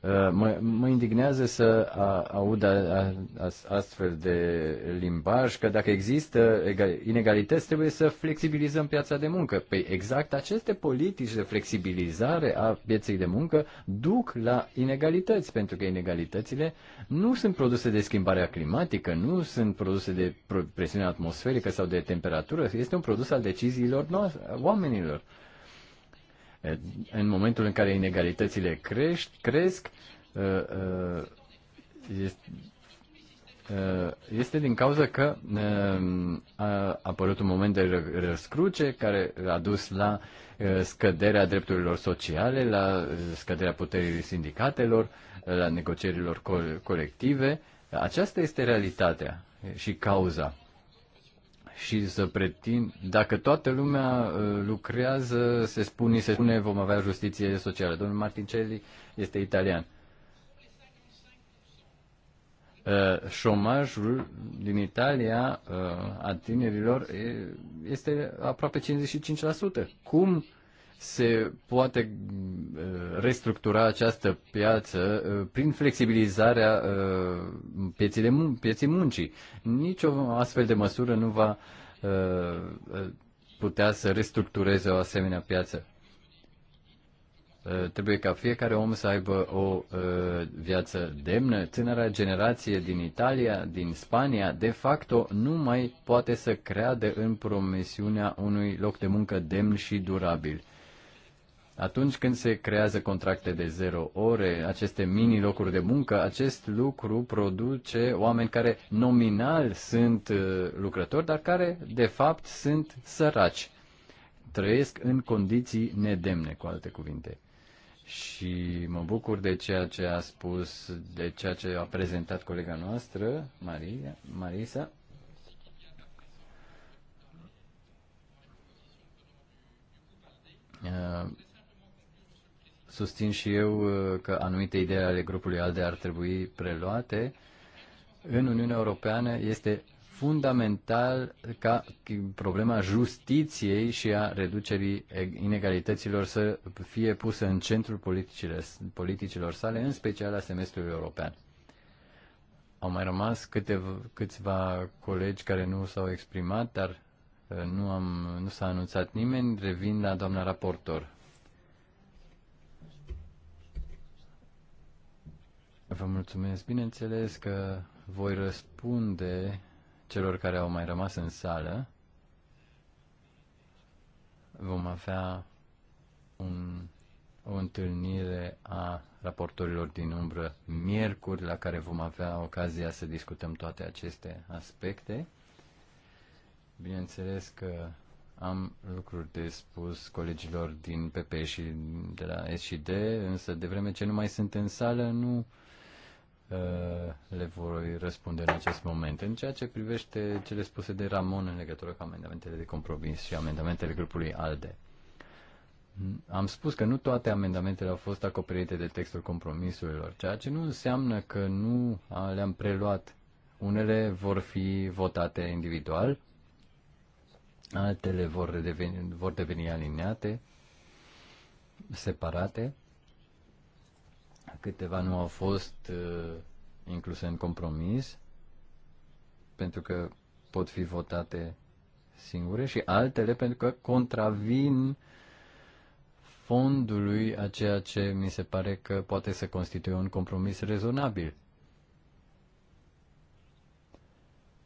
Speaker 2: uh, mă, mă indignează să aud astfel de limbaj că dacă există inegalități, trebuie să flexibilizăm piața de muncă. Păi exact aceste politici de flexibilizare a pieței de muncă duc la inegalități, pentru că inegalitățile nu sunt produse de schimbarea climatică, nu sunt produse de presiune atmosferică sau de temperatură, este un produs al deciziilor noastre, oamenilor. Eh, în momentul în care inegalitățile crești, cresc, eh, eh, este din cauza că a apărut un moment de răscruce care a dus la scăderea drepturilor sociale, la scăderea puterii sindicatelor, la negocierilor colective. Aceasta este realitatea și cauza și să pretind, dacă toată lumea uh, lucrează, se spune, se spune vom avea justiție socială. Domnul Martincelli este italian. Uh, șomajul din Italia uh, a tinerilor este aproape 55%. Cum se poate uh, restructura această piață uh, prin flexibilizarea uh, mun- pieții muncii. Nici o astfel de măsură nu va putea să restructureze o asemenea piață. Trebuie ca fiecare om să aibă o viață demnă. Tânăra generație din Italia, din Spania, de facto nu mai poate să creadă în promisiunea unui loc de muncă demn și durabil atunci când se creează contracte de zero ore, aceste mini locuri de muncă, acest lucru produce oameni care nominal sunt uh, lucrători, dar care de fapt sunt săraci. Trăiesc în condiții nedemne, cu alte cuvinte. Și mă bucur de ceea ce a spus, de ceea ce a prezentat colega noastră, Maria, Marisa. Uh, susțin și eu uh, că anumite idei ale grupului ALDE ar trebui preluate. În Uniunea Europeană este fundamental ca problema justiției și a reducerii inegalităților să fie pusă în centrul politicilor, sale, în special a semestrului european. Au mai rămas câteva, câțiva colegi care nu s-au exprimat, dar uh, nu, am, nu s-a anunțat nimeni. Revin la doamna raportor. Vă mulțumesc. Bineînțeles că voi răspunde celor care au mai rămas în sală. Vom avea un, o întâlnire a raportorilor din umbră miercuri, la care vom avea ocazia să discutăm toate aceste aspecte. Bineînțeles că am lucruri de spus colegilor din PP și de la SD, însă de vreme ce nu mai sunt în sală, nu Uh, le voi răspunde în acest moment. În ceea ce privește cele spuse de Ramon în legătură cu amendamentele de compromis și amendamentele grupului ALDE. Am spus că nu toate amendamentele au fost acoperite de textul compromisurilor, ceea ce nu înseamnă că nu le-am preluat. Unele vor fi votate individual, altele vor deveni, vor deveni alineate, separate Câteva nu au fost uh, incluse în compromis, pentru că pot fi votate singure și altele pentru că contravin fondului a ceea ce mi se pare că poate să constituie un compromis rezonabil.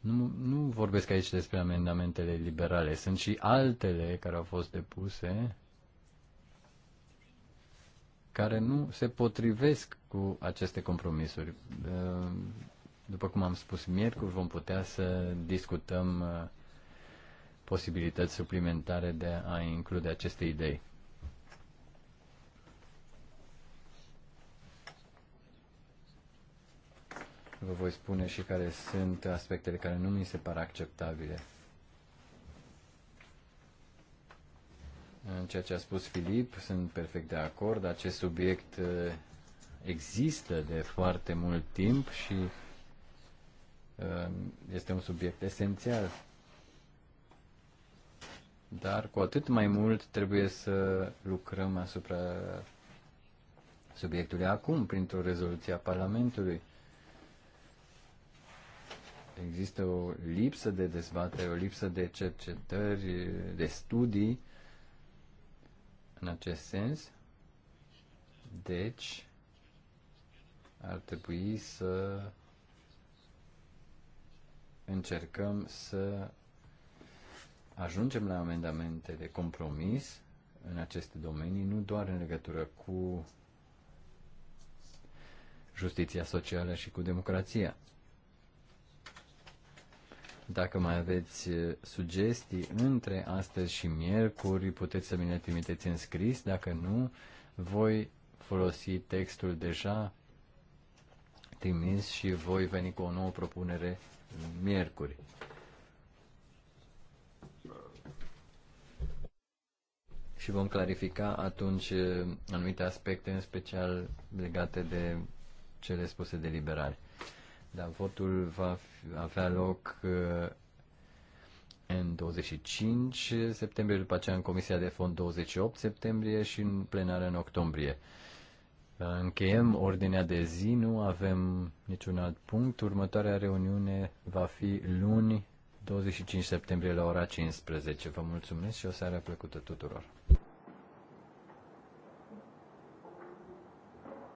Speaker 2: Nu, nu vorbesc aici despre amendamentele liberale, sunt și altele care au fost depuse care nu se potrivesc cu aceste compromisuri. Uh, după cum am spus miercuri, vom putea să discutăm uh, posibilități suplimentare de a include aceste idei. Vă voi spune și care sunt aspectele care nu mi se par acceptabile. În ceea ce a spus Filip, sunt perfect de acord. Acest subiect uh, există de foarte mult timp și uh, este un subiect esențial. Dar cu atât mai mult trebuie să lucrăm asupra subiectului acum, printr-o rezoluție a Parlamentului. Există o lipsă de dezbatere, o lipsă de cercetări, de studii în acest sens. Deci, ar trebui să încercăm să ajungem la amendamente de compromis în aceste domenii, nu doar în legătură cu justiția socială și cu democrația. Dacă mai aveți sugestii între astăzi și miercuri, puteți să mi le trimiteți în scris. Dacă nu, voi folosi textul deja trimis și voi veni cu o nouă propunere miercuri. Și vom clarifica atunci anumite aspecte, în special legate de cele spuse de liberali. Da, votul va avea loc uh, în 25 septembrie, după aceea în Comisia de Fond 28 septembrie și în plenară în octombrie. Uh, încheiem ordinea de zi, nu avem niciun alt punct. Următoarea reuniune va fi luni, 25 septembrie la ora 15. Vă mulțumesc și o seară plăcută tuturor!